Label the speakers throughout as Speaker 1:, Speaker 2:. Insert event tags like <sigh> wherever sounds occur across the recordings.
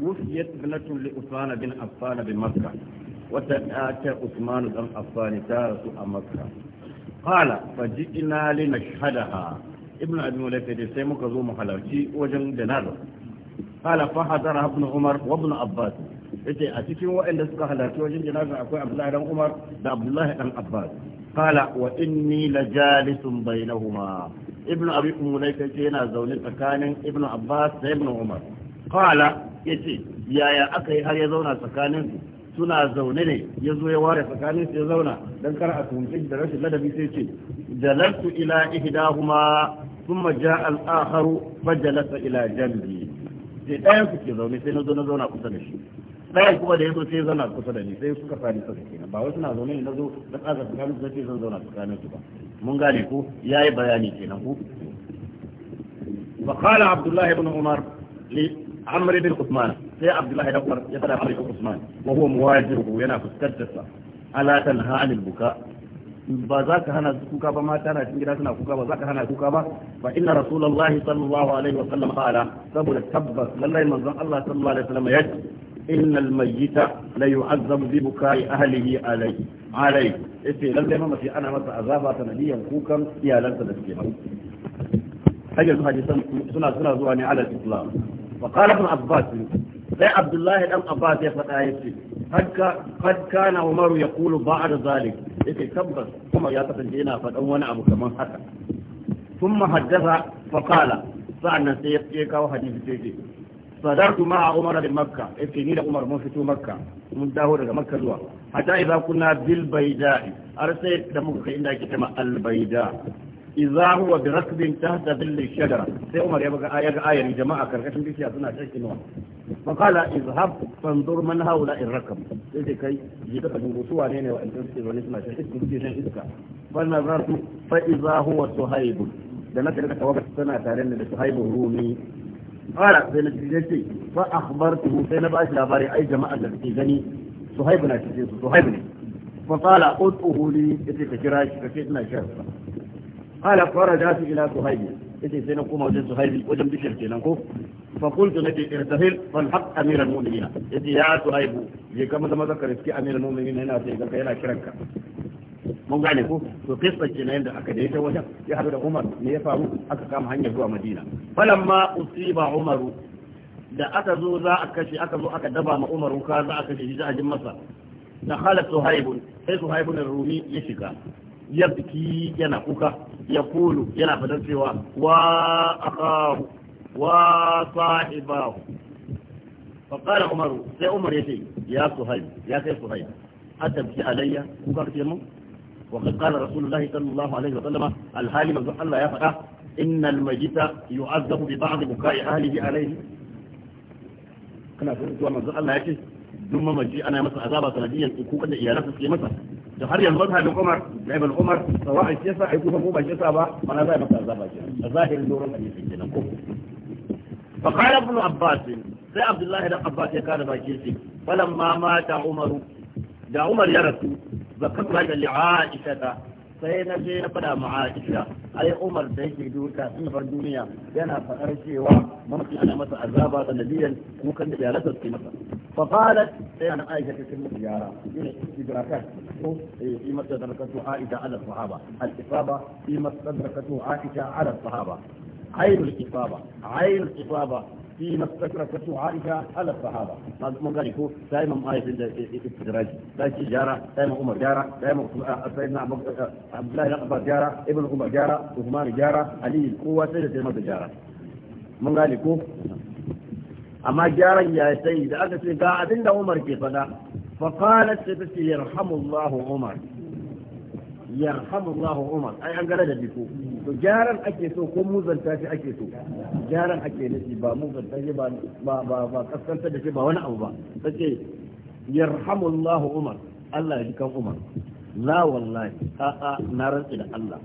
Speaker 1: توفيت ابنة لأثمان بن عفان بمكة وتأتى عثمان بن عفان تارة مكة قال فجئنا لنشهدها ابن أبي مليكة سيمك ذو وجن جنازة قال فحضرها ابن عمر وابن عباس yace a cikin waɗanda suka halarci wajen janazar akwai Abdullahi dan Umar da Abdullahi dan Abbas qala wa inni lajalisun bainahuma ibn abi yana zaune tsakanin ibn Abbas da ibn Umar qala ya ce yaya aka yi har ya zauna tsakanin suna zaune ne ya zo ya ware tsakanin su ya zauna dan kar a tunce da rashin ladabi sai ce jalantu ila ihdahuma thumma jaa al-akhar fa jalasa ila janbi sai ɗayan su ke zaune sai na zo na zauna kusa da shi ɗayan kuma da ya zo sai ya zauna kusa da ni sai suka fadi saka kenan ba wai suna zaune ne na zo na tsaga tsakanin su sai zan zauna tsakanin su ba mun gane ko yayi bayani kenan ko فقال عبد الله بن عمر عمرو بن عثمان سي عبد ya بن عمر يتلى عمرو بن عثمان وهو مواجهه ينا فسكتسا ألا تنهى عن البكاء ba za ka hana kuka ba mata na cikin gida suna kuka ba za ka hana kuka ba fa inna rasulullahi sallallahu alaihi wa sallam qala saboda tabbas lallai manzon Allah sallallahu alaihi wa sallam ya ce innal mayyita la yu'azzabu bi bukai ahlihi alayhi alai. yace lallai ma mace ana masa azaba sanadiyan kukan iyalansa da suke hau hajjar hadisan suna suna zuwa ne ala islam فقال ابن عباس sai abdullahi dan abbas ya faɗa ya ce kad kana umaru ya kulu ba'da zalik yake tabbas kuma ya kasance yana faɗan wani abu kamar haka sun haddasa fa qala sa'annan sai ya kawo hadisi sai ce sadartu ma'a umar bin makka yace ni da umar mun fito makka mun dawo daga makka zuwa hatta idza kunna bil bayda'i har sai da muka kai inda ake tama al bayda idza huwa bi rakbin tahta dhilli shajara sai Umar ya ga ayar ayar jama'a karkashin bishiya suna ta kinuwa fa qala izhab fanzur man haula irrakam sai dai kai ji ka dubo su wane ne wa'annan suke zaune suna ta kinuwa iska fa nazartu fa idza huwa suhaib da na karka tawaga suna tare da suhaib rumi qala sai na ji ce fa akhbartuhu sai na bashi labari ai jama'a da suke gani suhaib na cikin su suhaib ne fa qala utuhu li sai ka kira shi kace ina shi قال فرجعت إلى سهيل إذا سنقوم وجد سهيل وجم بشر كينانكو فقلت لك ارتهل فالحق أمير المؤمنين إذا يا سهيل يكما ما ذكر إسكي أمير المؤمنين هنا سيقلك هنا كرنك mun gane ko to kisa kenan da aka daita wajen ya haɗu da Umar ne ya faru aka kama hanyar zuwa Madina falamma usiba Umaru da aka zo za a kashe aka zo aka daba ma Umaru ka za a kashe shi za a jin masa da khalat suhaibun sai suhaibun rumi ya shiga yabki yana kuka ya kulu yana fadar cewa wa akahu wa sahibahu fa umaru sai umar yace ya suhayb ya kai suhayb atabki alayya kuka ce mu wa qad qala rasulullahi sallallahu wa sallama alhali man Allah ya faɗa inna almajita yu'adhabu bi ba'd bukai ahlihi alayhi kana zuwa manzo Allah yace duk mamaci ana masa azaba sanadiyyar kukan da iyalansa suke masa da har yanzu ta da Umar da Ibn Umar sawa a shesa ai kuka ko ba shesa ba mana za a masa azaba kenan a zahirin doron hadisi kenan ko fa qala ibn Abbas sai Abdullahi da Abbas ya kada baki shi falamma mata umaru da Umar ya rasu zakatu hada li Aisha sai na je na fada ma Aisha ai Umar da yake duka sun bar duniya yana fadar cewa mafi ana masa azaba da nabiyan kukan da yaransa su masa fa qalat sai ana Aisha ta cikin ziyara ina idrakat ko eh, fi mastadrakatu Aisha ala sahaba al-ifaba fi mastadrakatu Aisha ala sahaba عين الإصابة عين الإصابة فيما استكرته عائشة على الصحابة هذا من قال يكون دائما آية الاستدراج دائما جارة دائما عمر جارة دائما سيدنا عبد الله الأكبر جارة ابن عمر جارة عثمان جارة علي القوة سيدنا جارة من قال يكون amma gyaran ya sai da aka ce ga abin da Umar ke fada fa qalat sai ta ce yarhamullahu Umar yarhamullahu umar ai an gara da biko to gyaran ake so ko muzanta shi ake so gyaran ake nufi ba muzanta shi ba ba ba kaskanta da shi ba wani abu ba sace yarhamullahu umar Allah ya ji kan umar la wallahi a'a na rantsi da Allah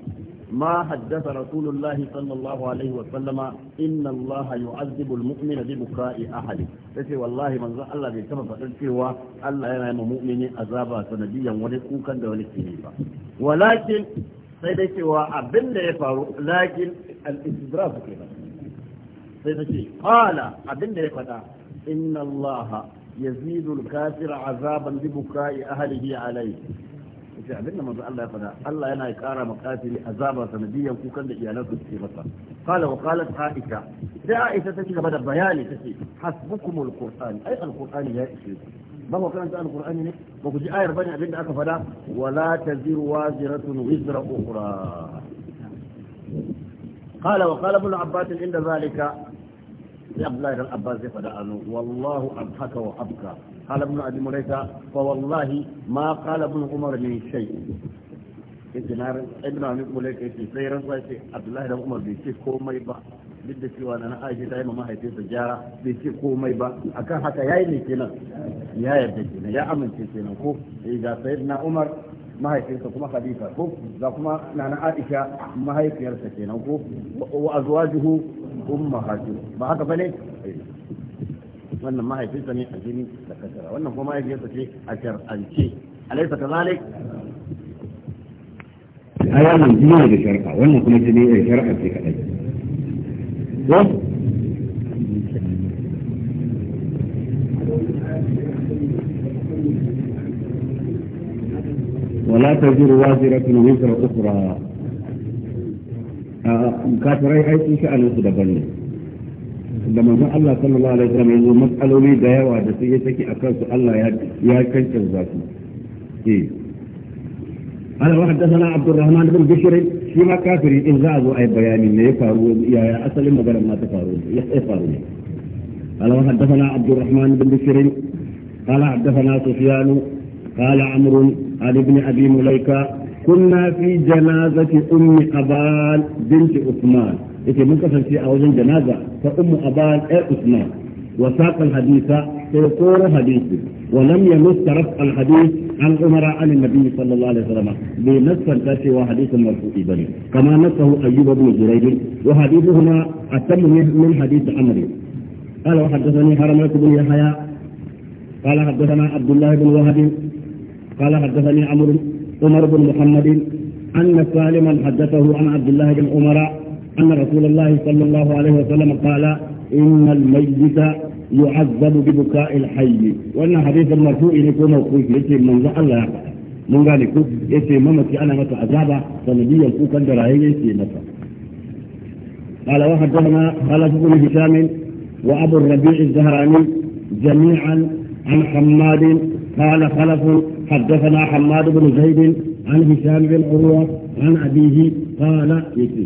Speaker 1: ما حدث رسول الله صلى الله عليه وسلم إن الله يعذب المؤمن ببكاء أحد yace wallahi manzo Allah bai tafa faɗin cewa Allah yana yi mu'mini azaba sanadiyan wani kukan da wani ke ba walakin sai dai cewa abin ya faru lakin al-istidraf kenan sai ta qala abin ya faɗa inna Allah yazidu al-kafira azaban bi bukai ahlihi alayhi yace abinda manzo Allah ya fada Allah yana ƙara ma kafiri azaba sanadiyan kukan da iyalansa suke masa qala wa qalat aisha da aisha ta cigaba da bayani tace hasbukumul qur'an ai alqur'ani ya ishe ku ba ku karanta alqur'ani ne ba ku ji ayar bane abinda aka fada wala taziru waziratun wizra ukhra قال وقال ابن عباس عند ذلك يا عبد الله بن عباس فدعا والله اضحك وابكى قال ابن أبي مليكة فوالله ما قال ابن عمر من شيء ابن أبي مليكة sai rantsuwa ce Abdullahi dan Umar bai ce komai ba duk da cewa na Aisha ta ma mahaifinsa gyara bai ce komai ba akan haka yayi ne kenan ya ya amince kenan ko ga Umar mahaifinsa kuma khalifa ko ga mahaifiyarsa kenan ko wa azwajuhu ummahatu wannan mahaifinsa ne a jini da kasara wannan kuma mahaifiyarsa ce a shar'ance alaisa kazalik a yaron jini da shar'a wannan kuma jini da shar'a ce kadai ولا تزر وازرة وزر أخرى كافرين أي شيء أنا أخذ بني da manzo Allah sallallahu alaihi wasallam yanzu matsaloli da yawa da sai ya saki akan su Allah ya ya kanta zaki eh ana wahda sana Abdul Rahman bin Bishr shi kafiri din za a zo ayi bayani ne ya faru ya asalin magana ma ta faru ya sai faru ne ana wahda sana Abdul Rahman bin Bishr ana wahda sana Sufyan قال عمر عن ابن ابي مليكه كنا في جنازه ام قبال بنت yake mun kasance a wajen janaza ta ummu abal ay usman wa saqal haditha sai koro hadisi wa lam yanus al hadith an umara an nabi sallallahu alaihi wasallam bi nassan ta cewa hadisin marfu'i bane kama nasahu ayyub ibn jurayd wa hadithuhuma atam min hadith amri قال وحدثني حرمة بن يحيى قال حدثنا عبد الله بن وهب قال حدثني عمرو عمر بن محمد أن سالما حدثه عن عبد الله بن عمر أن رسول الله صلى الله عليه وسلم قال إن الميت يعذب ببكاء الحي وأن حديث المرفوع يكون موقوف يتي من الله mun gane ko yace mamaki أنا masa azaba sanadiyar kukan da raye يتي masa قال وحدثنا خلف بن هشام وابو الربيع الزهراني جميعا عن حماد قال خلف حدثنا حماد بن زيد عن هشام بن عروه عن ابيه قال يتي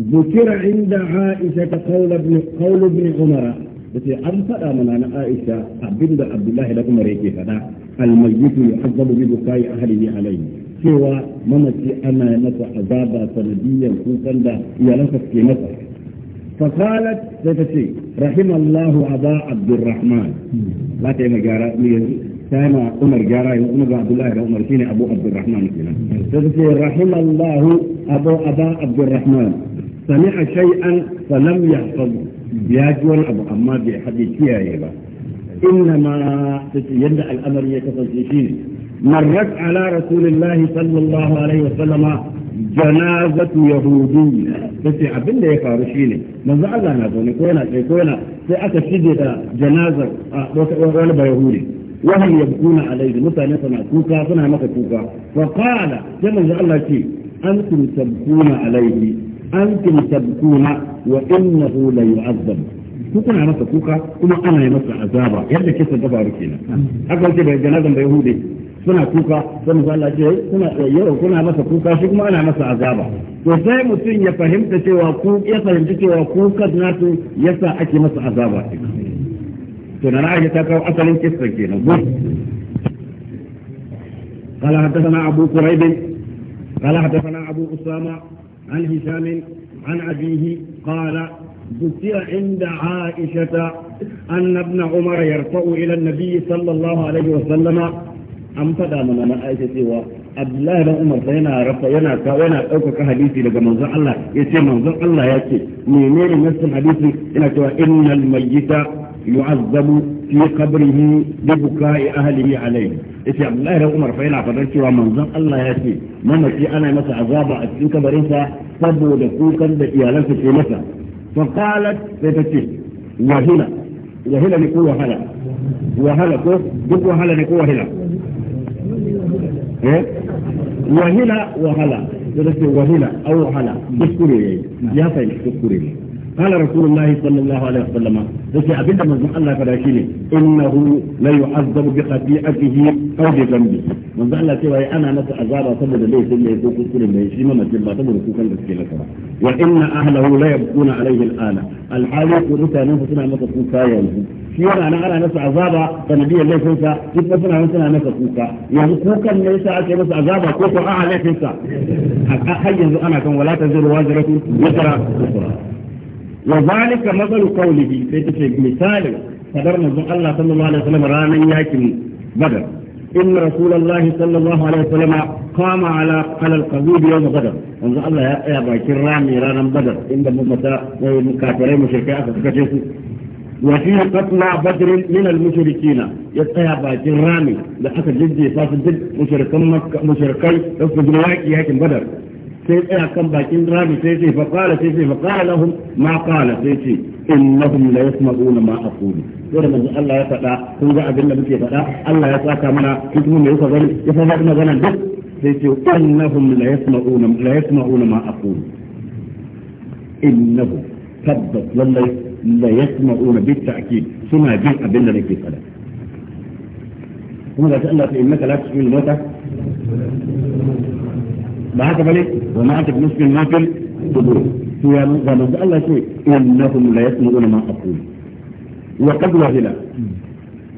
Speaker 1: ذكر عند عائشة قول ابن قول ابن عمر بتي أن من أنا عائشة عبد عبد الله لكم ريكي هذا الميت يعذب ببكاء أهله عليه سوى mamaci ana masa azaba sanadiyyar kukan da iyalansa في masa فقالت ستتي رحم الله أبا عبد الرحمن لا تيما جارا كان عمر جارا عمر عبد الله عمر شيني أبو عبد الرحمن كنا رحم الله أبو أبا عبد الرحمن سمع شيئا فلم يحفظه بيجوال أبو أما يا أيضا إنما يدع الأمر يتفسيشين من رك على رسول الله صلى الله عليه وسلم جنازة يهودية فتي عبد الله يفارشيني من زعل أنا دوني كوينة كوينة في أتى شديد جنازة آه، وغلب يهودي وهل يبكون عليه مثلا يصنع كوكا صنع مثل كوكا فقال كما زعل شيء أنتم تبكون عليه أنتم تبكون وإنه ليعذب kuna masa kuka kuma ana yi masa azaba yadda kisa ta faru kenan haka wace da janazan da yahudi suna kuka sai mu Allah ce kuna yau kuna masa kuka shi kuma ana masa azaba to sai mutum ya fahimta cewa ku ya fahimta cewa kukan nasu yasa ake masa azaba to na ra'ayi ta kawo asalin kisan kenan قال حدثنا أبو كريب قال حدثنا أبو أسامة عن هشام عن أبيه قال ذكر عند عائشة أن ابن عمر يرفع إلى النبي صلى الله عليه وسلم أم فدا من أنا عائشة عبد الله بن عمر فينا رفع ينا كوانا أوكا كحديثي لك منظر الله يسير منظر الله يأتي مينين نفس الحديث إن الميت يعظم في قبره ببكاء أهله عليه yace Abdullahi dan Umar fa yana fadar cewa manzon Allah ya ce mamaci ana masa azaba a cikin kabarinsa saboda kukan da iyalansa ke masa fa qalat sai ta ce wahila wahila ne ko wahala wahala ko duk wahala ne ko wahila eh wahila wahala قال رسول الله صلى الله عليه وسلم لكي أبدا من ذو الله فراشيني إنه لا يعذب بخطيئته أو بذنبه من ذو الله سوى أنا نسى أزارة سبب ليس إلا يكون كسر ما يشيما ما تبا تبر كوكا لكي لكرا وإن أهله لا يبقون عليه الآن الحال يقول نفسنا نفس سنع نسى كوكا في أنا أنا أرى نسى أزارة فنبي الله سنسى كيف نسى نسى نسى كوكا يعني كوكا ليس أكي نسى أزارة كوكا أعلى سنسى حيث أنا كم ولا تزير وازرة وزرة وزرة وذلك مثل قوله في مثال فدر من الله صلى الله عليه وسلم رانا ياكم بدر إن رسول الله صلى الله عليه وسلم قام على على القبيب يوم بدر أن الله يا باكر رامي رانا بدر إن مبتا ومكافرين مشركين أفكتشيسو وفي قتل بدر من المشركين يا باكر رامي لحسن جدي فاسد مشركين مشركين أفكتشيسو بدر sai tsaya kan bakin rami sai ce fa qala sai ce fa qala lahum ma qala sai ce innahum la yasma'una ma aqulu dole manzo Allah ya faɗa kun ga abin da muke faɗa Allah ya saka mana kuma me yasa zan ya faɗa magana duk sai ce innahum la yasma'una la yasma'una ma aqulu innahu tabbat lallai la yasma'una bit ta'kid suna jin abin da nake faɗa kuma da Allah ta innaka la tusmi'u mata بعد ذلك ومعت بنصف الماكل تدور في غمز الله شيء إنهم لا يسمعون ما أقول وقد وهلا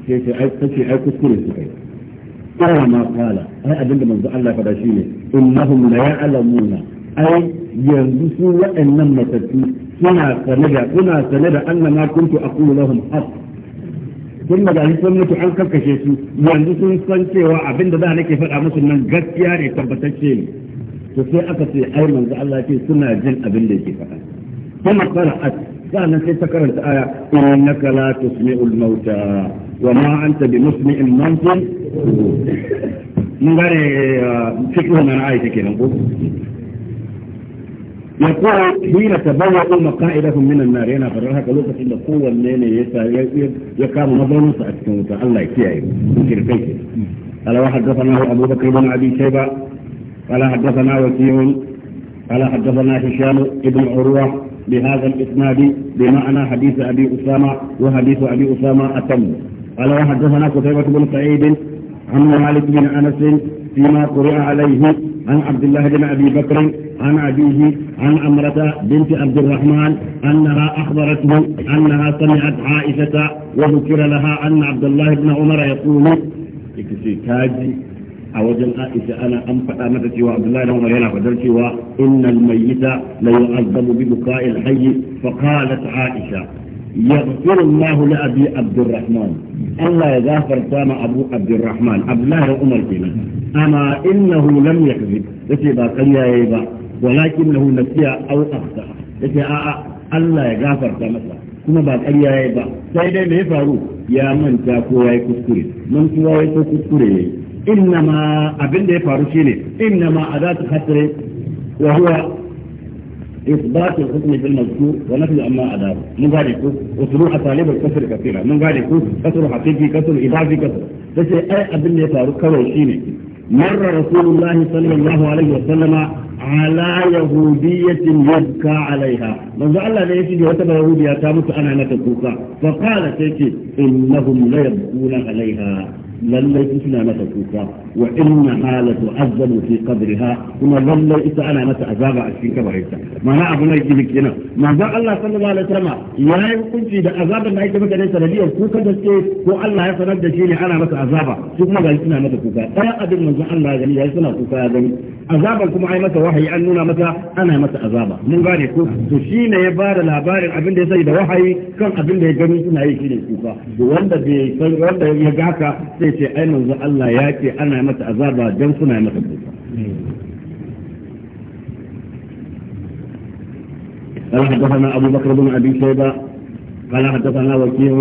Speaker 1: كيف تشي أي كسكور السكي ترى ما قال أي أدل من ذا الله قد أشيله إنهم لا يعلمون أي ينبسوا وإنما تتكي سنة سنبع سنة سنبع أن ما كنت أقول لهم حق ثم ذا يسمى تحقق شيء ينبسوا سنة وعبند ذا لك فرع مسلم قد يعني تبتشيني to sai aka ce ai manzo Allah ce suna jin abin da yake faɗa kuma qara'at sannan sai ta karanta aya innaka la tusmi'ul mauta wa ma anta bimusmi'in man fil mun gane cikin nan ayi take nan ko يقول حين تبوأوا مقائدهم من النار ya فرها كلوكة إلا قوة الليلة يكام نظرهم سأتكون الله يكيه يمكن كيف قال واحد دفناه Abu بكر بن Abi Shayba قال حدثنا وكيع قال حدثنا هشام بن عروة بهذا الإسناد بمعنى حديث أبي أسامة وحديث أبي أسامة أتم قال وحدثنا قتيبة بن سعيد عن مالك بن أنس فيما قرئ عليه عن عبد الله بن أبي بكر عن أبيه عن أمرة بنت عبد الرحمن أنها أخبرته أنها سمعت عائشة وذكر لها أن عبد الله بن عمر يقول a wajen Aisha ana an faɗa mata cewa Abdullahi Umar yana fadar cewa innal mayyita la yu'azzabu bi buqa'il hayy fa qalat Aisha yaghfiru Allahu li Abi Abdurrahman Allah ya gafarta ma Abu Abdurrahman Abdullahi Umar kenan amma innahu lam yakzib yace ba ƙarya ba walakin lahu nasiya aw akhta yace a a Allah ya gafarta masa kuma ba ƙarya yayi ba sai dai me ya faru ya manta ko yayi kuskure mantuwa yayi ko kuskure yayi إنما أبن دي فاروشيني إنما أداة خطري وهو إثبات الحكم في المذكور ونفي أما أذات من ذلك وصلوح طالب الكسر كثيرا من ذلك كسر حقيقي كسر إبادي كسر بس أي أبن دي فاروشيني مر رسول الله صلى الله عليه وسلم على يهودية يبكى عليها من زعل الله يجد وتبع يهودية تامت أنا نتكوكا فقال تيكي إنهم ليبكون عليها lallai suna mata kuka wa inna halatu azabu fi qabriha kuma lallai ita ana mata azaba a cikin kabarinta mana abu na gidi kenan manzon Allah sallallahu alaihi wasallam ya yi hukunci da azaban da ake mata ne sanadiyar kuka da ke ko Allah ya sanar da shi ne ana mata azaba su kuma ga suna mata kuka ɗaya abin manzon Allah ya gani ya suna kuka ya gani azaban kuma ai mata wahayi an nuna mata ana mata azaba mun gane ko to shi ne ya bada labarin abin da ya sani da wahayi kan abin da ya gani suna yi ne kuka wanda bai wanda ya gaka sai ce ai manzo Allah ya ce ana mata azaba dan suna mata kuka قال حدثنا أبو بكر بن أبي شيبة قال حدثنا وكيع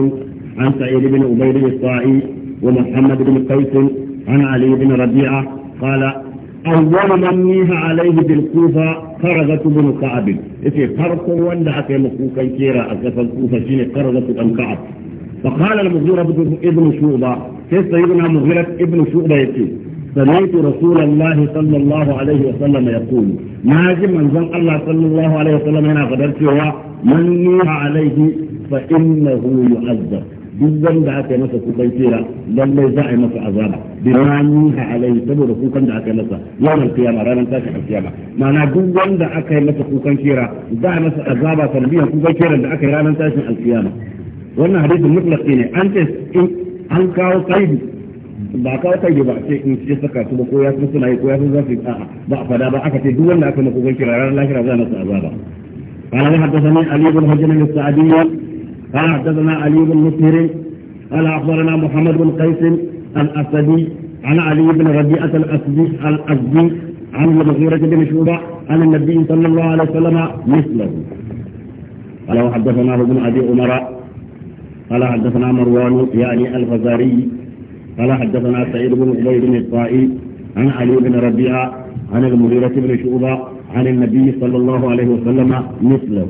Speaker 1: عن سعيد بن عبيد الطائي ومحمد بن قيس عن علي بن ربيعة قال أول من نيه عليه بالكوفة قرغة بن كعب إذا فرق وندعك مكوكا كيرا أكثر الكوفة شين قرغة بن كعب فقال المغيرة ابن شعبة كيف سيدنا مغيرة ابن شعبة يكي سمعت رسول الله صلى الله عليه وسلم يقول ما جي من زن الله صلى الله عليه وسلم هنا قدرت هو من نوح عليه فإنه يعذب بالذن دعك نسا سبيتيرا لن يزع نسا عذاب بما نوح عليه تبو رسوكا دعك نسا يوم القيامة رانا تاشي القيامة ما نقول دعك نسا سبيتيرا دع نسا عذابا تنبيها سبيتيرا دعك رانا تاشي القيامة wannan hadisin mutlaqi ne an ce an kawo kaidi ba kawo kaidi ba sai in ce saka su ba ko ya san suna yi ko ya san za su yi a'a ba a fada ba aka ce duk wanda aka mako gan kira ranar lahira za na sa'aba ba قال حدثنا علي بن حجر السعدي قال حدثنا علي بن مسهر قال اخبرنا محمد بن قيس الاسدي عن علي بن ربيعه الاسدي الاسدي عن المغيرة بن شعبة عن النبي صلى الله عليه وسلم مثله قال وحدثنا ابن ابي عمر قال حدثنا مروان يعني الفزاري قال حدثنا سعيد بن عبيد الطائي عن علي بن ربيعة عن المغيرة بن شعبة عن النبي صلى الله عليه وسلم مثله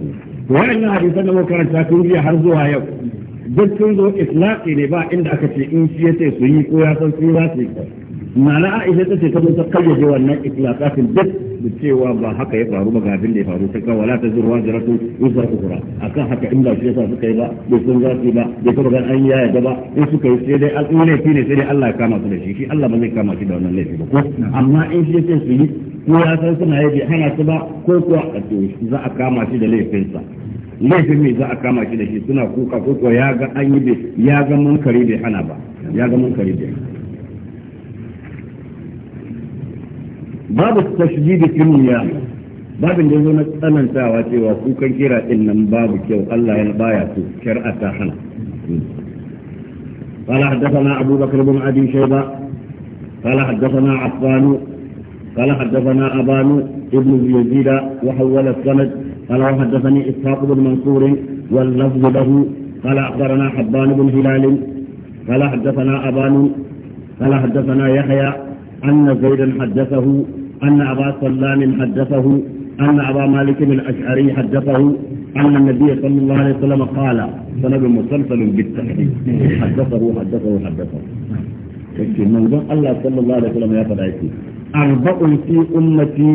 Speaker 1: وإن حديثنا كانت تكون بي حرزها يوم duk sun zo islaƙi ne ba inda aka ce in shi ya ce su yi ko ya san su za su yi ma'ana Aisha ta ce kamar ta kayyade wannan ikhlaqatin duk da cewa ba haka ya faru ba ga abin da ya faru sai ka wala ta zurwa zaratu yusa a akan haka in ba shi yasa suka yi ba bai sun za su ba bai kuma ga an yaya gaba in suka yi sai dai al'umma laifi ne sai dai Allah ya kama su da shi shi Allah ba zai kama shi da wannan laifi ba ko amma in shi yace su yi ko ya san suna yi hana su ba ko kuwa a za a kama shi da laifinsa laifin me za a kama shi da shi suna kuka ko ya ga an yi ya ga munkari bai hana ba ya ga munkari bai hana babu tashjidi fi niyya babin da na tsanantawa cewa kukan kira din nan babu kyau Allah ya baya su shar'a ta hana قال حدثنا أبو بكر بن أبي شيبة قال حدثنا عفان قال حدثنا أبان ابن يزيد وحول السند قال حدثني إسحاق بن منصور واللفظ له قال أخبرنا حبان بن هلال قال حدثنا أبان قال حدثنا يحيى أن زيدا حدثه أن أبا سلام حدثه أن أبا مالك الأشعري حدثه أن النبي صلى الله عليه وسلم قال سند مسلسل بالتحديد حدثه حدثه حدثه yake manzon Allah sallallahu alaihi ya faɗa yake arba'un fi ummati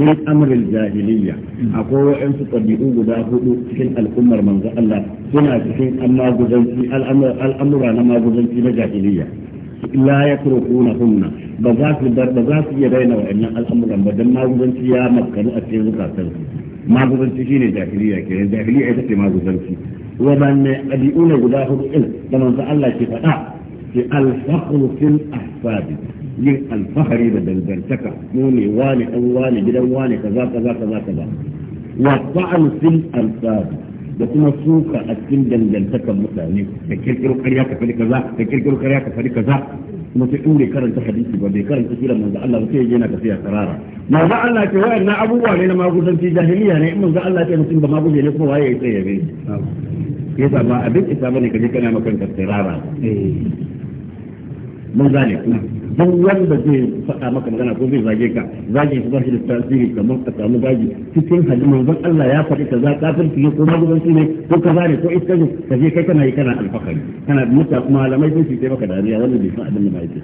Speaker 1: min amr al-jahiliyya akwai wa'ansu tabi'u guda hudu cikin al'ummar manzon Allah suna cikin amma guzanci al'amura na maguzanci na jahiliyya لا يتركونهن بزاف بزاف بزاس يرينا وإن الأمر أن بدل ما وزنت يا مكان أتيه قاتل ما وزنت فيه الداخلية كي الداخلية إذا ما وزنت ومن أليون وداه الإل كما أنت الله كفتاع آه. في الفخر في الأحفاد يل الفخر بدل برتكا موني واني أواني جدا واني كذا كذا كذا كذا وطعن في الأحفاد da kuma suka a cikin dangantakan mutane da kirkiro karya ka fari kaza da kirkiro karya ka fari kaza kuma sai dure karanta hadisi ba bai karanta sura manzo Allah ba sai yana tafiya karara manzo Allah ce na abubuwa ne na magudanci jahiliya ne in manzo Allah ce mutum ba maguje ne kuma waye ya tsaye bai ya sa ba abin isa bane kaje kana makan karara eh. mun gane kuma duk wanda zai faɗa maka magana ko zai zage ka zage shi ba da tasiri kamar ka samu zage cikin hadin manzon Allah ya faɗi ka za kaza kafirci ne ko magudan magudanci ne ko ka ne ko iska ne ka je kai kana yi kana alfakari kana mutu kuma malamai sun ce maka dariya wannan bai san abin da ba yake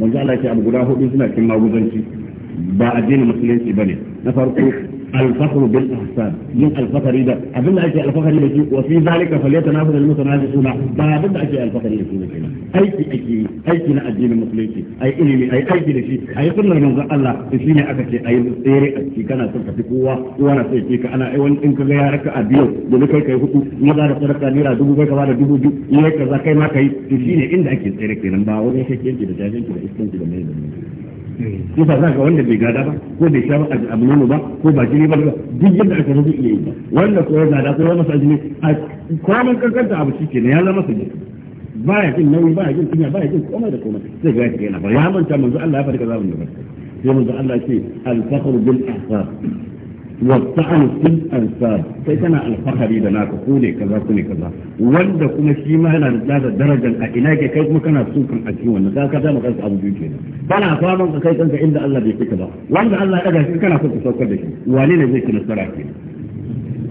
Speaker 1: manzon Allah ya ce abu guda hudu suna cikin magudanci ba addinin musulunci bane na farko الفخر بالاحسان من الفخر ده ابن اجي الفخر ده وفي ذلك فليتنافس المتنافسون بعد ابن اجي الفخر ده اي اجي اي كنا الدين المسلم اي علمي اي اي دي شيء اي كنا من الله شيء ne aka ce ayi tsere a ciki kana son ka fi kowa kowa na son ka ana ai wani in ka ga ya raka a yau da kai kai hudu na da sadaka naira dubu kai ka ba da dubu biyu ne kaza kai ma kai to shine inda ake tsere kenan ba wani kake yanki da jajinki da iskanci da mai da mai yasa za ka wanda bai gada ba ko bai sha a nono ba ko ba jini ba duk yadda aka zo iya yi wanda ko ya gada ko ya masa jini a kwanan kankanta abu shi ke ya zama su jini ya jin nauyi ya jin kunya ya jin komai da komai sai ga yake yana ba ya manta manzo Allah ya ka zamu da sai manzo Allah ce al-fakhru bil ahsar والطعن في الأنساب فإذا الفخري لنا كقولي كذا كوني كذا وند كما شي ما هنا لذا درجة أعناك كيف ما كان سوق الأجيو أن كذا ما كان أبو جوجي فأنا فاهم كيف أنت عند الله بيك كذا وند الله كذا كان سوق سوق كذا ولين زي كنا سراكين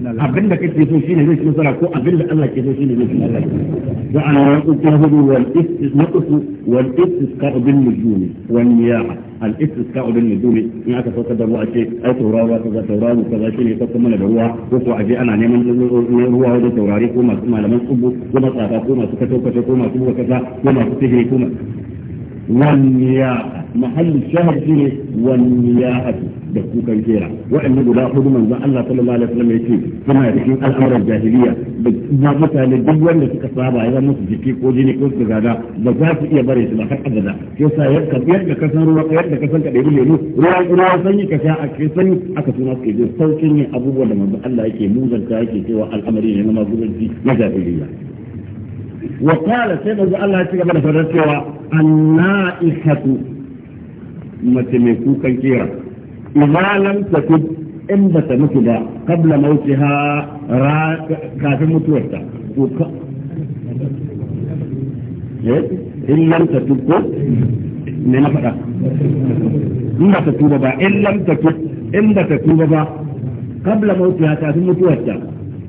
Speaker 1: abinda kake so shine zai nasara ko abinda Allah ke so shine zai nasara da ana yanku ta hudu wal istisnaqu wal istisqa bin nujum wal niyaha al istisqa bin nujum in aka sauka da ruwa ce ai taurawa kaza taurawa kaza shine ta kuma da ruwa ko ko aje ana neman ruwa wajen taurari ko masu malaman tsubu ko matsafa ko masu kato kato ko masu kaza ko masu sihiri ko والنياحة محل الشهر فيه والنياحة da kukan kera waɗanda guda hudu manzo Allah sallallahu alaihi wasallam yake suna da cikin al'amuran jahiliya da mutane duk wanda suka saba ya musu jiki ko jini ko su gada ba za su iya bare su ba har abada yasa yadda yadda ka san ruwa yadda ka san ka ɗebi lemu ruwa ruwa sanyi ka sha a ke sanyi aka tuna su ke saukin yin abubuwan da manzo Allah yake muzanta yake cewa al'amari ne na mazubanci na jahiliya wa kwala sai manzo Allah ya ci gaba da fadar cewa anna'ikatu mace mai kukan kira idza lam takut in ba ta mutu ba qabla mautiha ra kafin mutuwarta to ka eh in lam takut me na fada in ba ta tuba ba in lam ba ta tuba ba qabla mautiha kafin mutuwarta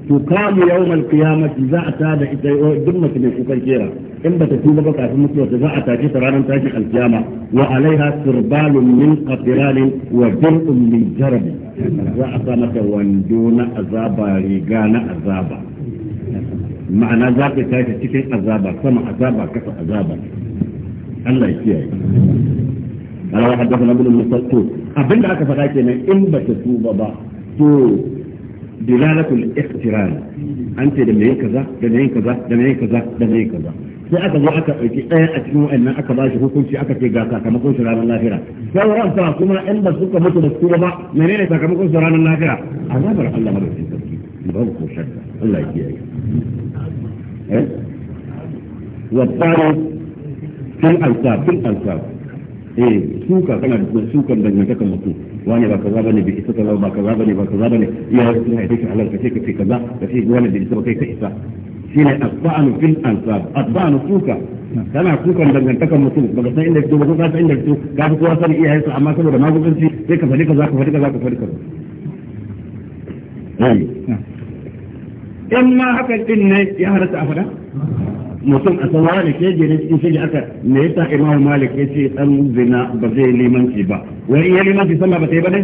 Speaker 1: tukamu yawmal qiyamati za a tada ita eh, duk mutum mai kukan kera in ba ta tuba ba kafin mutuwa ta za a tashi ta ranar tashin alkiyama wa alaiha sirbalun min qatiralin wa dir'un min jarab za a sa mata wando na azaba riga na azaba ma'ana za ka tashi cikin azaba sama azaba kasa azaba Allah ya kiyaye Allah ya haddasa na gudun musattu abinda aka faɗa kenan in ba ta tuba ba to dilalatul iqtiran an ce da mai kaza da mai kaza da mai kaza da mai kaza sai aka zo aka ɗauki ɗaya a cikin wa'annan aka ba shi hukunci aka ce ga sakamakon shi ranar lahira sauran sa kuma in ba suka mutu da su ba menene sakamakon shi ranar lahira azabar Allah madaukakin sarki
Speaker 2: babu ko shakka Allah ya kiyaye
Speaker 1: eh wa tsaro fil ansab fil ansab eh suka kana da sukan dangantakan mutum wani ba kaza bane bai isa kaza ba kaza bane ba kaza bane iyaye sun haife shi halal kace kace kaza kace wani bai isa ba kai ka isa shine asba'anu fil ansab asba'anu kuka kana kukan dangantakan mutum baka san inda fito ba ka san inda fito ka fi kowa san iyayen su amma saboda magudanci sai ka faɗi kaza ka faɗi kaza ka faɗi kaza in ma hakan din ne ya halatta a faɗa mutum a san wani ke gere cikin shige aka me yasa imamu malik ya ce dan zina ba zai limanci ba wai iya ya limanci sallah ba ta ba ne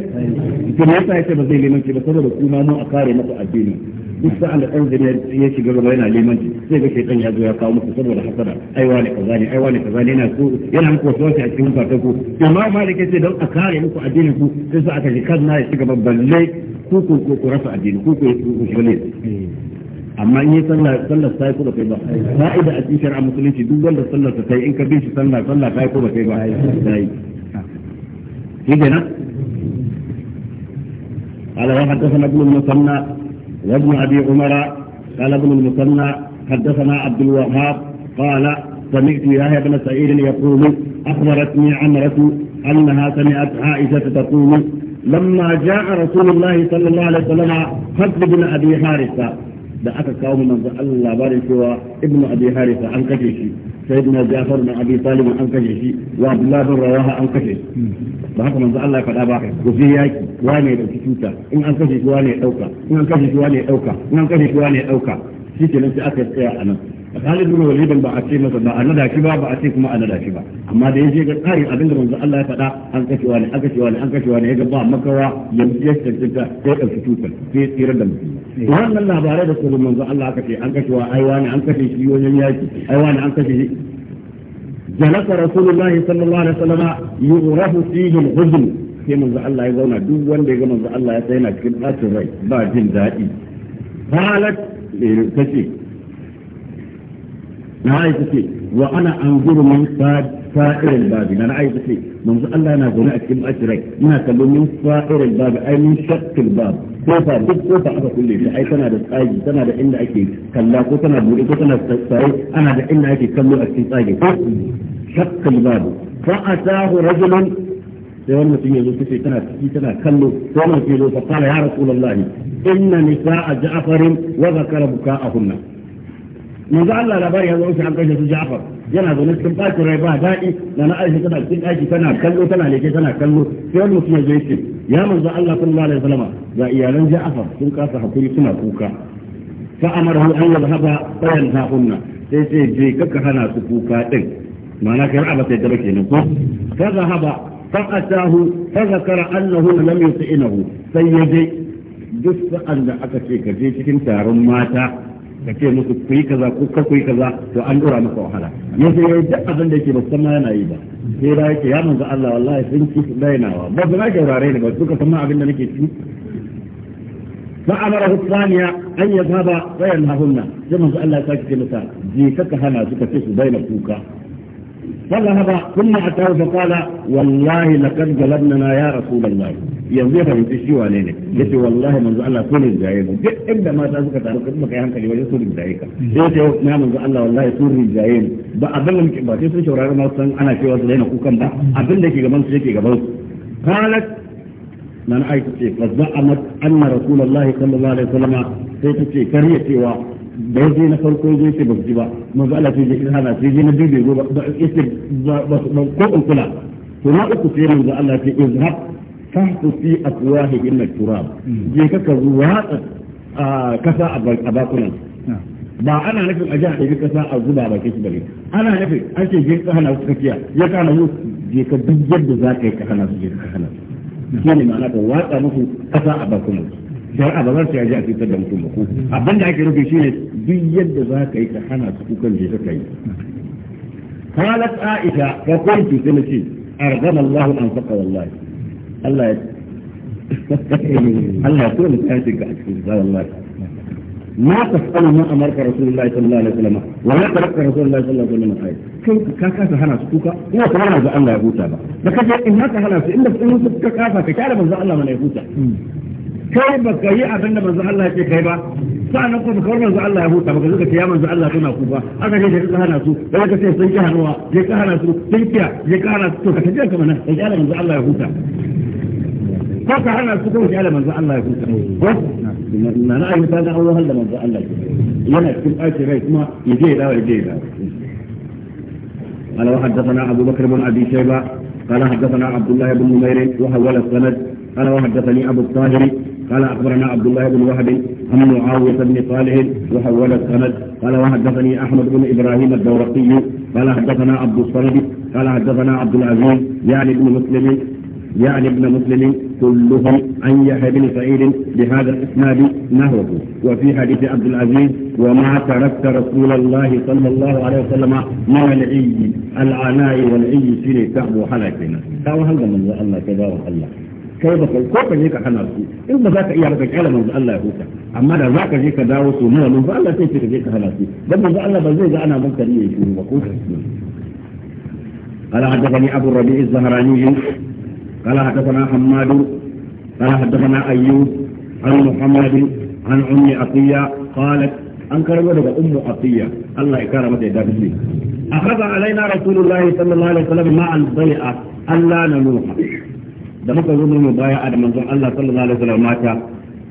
Speaker 1: to me yasa yace ba zai limanci ba saboda kuma mu a kare masa addini duk sa'an da dan zina ya shiga gaba yana limanci sai ga shaytan ya zo ya kawo musu saboda hasada ai wani kaza ne ai wani kaza ne yana so yana muku wasu wasu a cikin fatan ku imamu malik ya ce don a kare muku addini ku sai sa aka ji kan na ya shiga babban lai ku ku ku rasa addini ku ku shiga ne amma in yi sallar sallar ta yi ko ba kai ba fa'ida a cikin shari'a musulunci duk wanda sallar ta kai in ka shi sallar sallar ta yi kai ba yi shi ابن المثنى وابن ابي عمر قال ابن المثنى حدثنا عبد الوهاب قال سمعت يحيى بن سعيد يقول اخبرتني عمرة انها سمعت عائشه تقول لما جاء رسول الله صلى الله عليه وسلم فضل بن ابي حارثه da aka kawo mu manzo Allah labarin cewa ibn abi harisa an kashe shi sayyidina jafar bin abi talib an kashe shi wa abdullah bin rawaha an kashe shi ba haka manzo Allah ya faɗa ba ku je yaki wane da dauki tuta in an kashe shi wane ya dauka in an kashe shi wane ya dauka in an kashe shi wane ya dauka shi kenan sai aka tsaya a nan Khalid bin Walid ba a ce masa ba a nada shi ba ba a ce kuma a nada shi ba amma da yaje ga abin da manzo Allah ya faɗa an kashe wani an kashe wani an kashe wani ya ga ba makawa ya ya tantance ya dauki sai tsira da mutum wannan labarai da kullum manzo Allah aka ce an kashe wa ai wani an kashe shi wajen yaki ai wani an kashe shi جلس رسول الله صلى الله عليه وسلم فيه الحزن ya zauna duk wanda ya ga manzo Allah ya sai cikin ba daɗi eh, na aiki ce wa ana an guru min fa'irin babi na aiki ce manzo Allah na zaune a cikin ashirai ina kallon min fa'irin babi ai min shakkil babi kofa duk kofa aka kulle shi ai tana da tsagi tana da inda ake kalla ko tana buɗe ko tana tsaye ana da inda ake kallo a cikin tsagi ko shakkil babi fa atahu rajulun sai wani mutum ya zo kace tana ciki tana kallo sai wani mutum ya zo fa qala ya rasulullahi inna nisaa ja'farin wa zakara buka'ahunna yanzu Allah labari ya zo shi an kashe su Ja'far yana zaune cikin ɗakin rai ba daɗi da na Aisha tana cikin ɗaki tana kallo tana leke tana kallo sai wani mutum ya ce ya manzo Allah sallallahu alaihi wasallam ga iyalan Ja'far sun kasa hakuri suna kuka fa amarahu an yadhhaba bayan tahunna sai sai je kaka hana su kuka din ma'ana kai ra'aba sai dare kenan ko fa zahaba fa atahu fa zakara annahu lam yusinahu sai ya je duk sa'an da aka ce ka je cikin taron mata kake musu ku kaza ko ka ku kaza to an dora maka wahala ya ce yau duk abin da yake ba san yana yi ba sai da yake ya manzo Allah wallahi sun ci su daina wa ba su na ke su ka san ma abin da nake ci fa amara hu thaniya an yadhaba wa yanhahunna sai manzo Allah ya sake ce masa je ka hana su ka ce su daina kuka فذهب ثم أتاه فقال والله لقد غلبنا يا رسول الله yanzu ya fahimci shi wane ne ya ce wallahi manzo Allah sulhin jaye mu duk inda mata suka taru ka kuma kai hankali wajen sulhin jaye ka sai yi na manzo Allah wallahi sulhin jaye mu ba abin da muke ba sai sun shaurari ma san ana cewa su daina kukan ba abin da ke gaban su yake gaban su qalat nan ta ce fa za'amat anna rasulullahi sallallahu alaihi wasallam sai ta ce kariya cewa da ya je na farko ya je ce ba ji ba manzo Allah sai ya hana sai na biyu ba yace ba ko kula to na uku sai manzo Allah sai fi turab hmm. je ka ka kasa a bakunan ah. ba ana nufin a jihar ɗari kasa a zuba shi bane ana nufin an ce je ka hana su ya kana mu je ka duk yadda za ka yi ka hana su je ka hana su hmm. shi ne ma'ana ka watsa musu kasa a bakunan su don a bazar sai a a fitar da mutum ko abin da ake rufe shi ne duk yadda za ka yi ka hana su kukan je suka yi kalat aisha ko kwan ki sai nace arzan allah an faka wallahi allah ya allah ya so ni ka ga cikin wallahi ma ta sanu ma amarka rasulullahi sallallahu alaihi wasallam ka rakka rasulullahi sallallahu alaihi wasallam kai ka kasa hana su kuka ina na ga allah ya huta ba da kaje in ka hana su inda in suka kasa ka kare manzo allah mana ya huta kai ba ka yi abin da manzo Allah ke kai ba sa'annan kuma kawar manzo Allah ya huta ba ka zuka ya manzo Allah tana kuka aka ce ka hana su da ka ce sun ki hanuwa je ka hana su sun kiya je ka hana su to ka tafi kamar nan ya kyala manzo Allah ya huta ko ka hana su ko kyala manzo Allah ya huta ko na na ayyuka da Allah da manzo Allah yana cikin ɗakin rai kuma ya je ya dawo ya je ya dawo قال وحدثنا أبو بكر بن أبي شيبة قال حدثنا عبد الله بن نمير وحول السند قال وحدثني أبو الطاهر قال أخبرنا عبد الله بن وهب عن معاوية بن صالح وحول السند قال وحدثني أحمد بن إبراهيم الدورقي قال حدثنا عبد الصمد قال حدثنا عبد العزيز يعني بن مسلم يعني ابن مسلم كلهم عن يحيى بن سعيد بهذا الاسناد نهوه وفي حديث عبد العزيز وما تركت رسول الله صلى الله عليه وسلم من العي العناء والعي شيء كعب وحلكنا قالوا هل من الله كذا والله kai ba kai ko ka je ka hana su in ba za ka iya ka kyala manzo Allah ya huta amma da za ka je ka dawo su nawa manzo Allah sai ka je ka hana su dan manzo Allah ba zai ga ana munkari ya shiru ba ko قال حدثني أبو الربيع الزهراني قال حدثنا حماد قال حدثنا أيوب عن محمد عن أم عطية قالت أنكر ولد أم عطية الله يكرمك يا دابسي أخذ علينا رسول الله صلى الله عليه وسلم مع البيعة ألا ننوح da muka zo mu baya a da manzon Allah sallallahu alaihi wasallam mata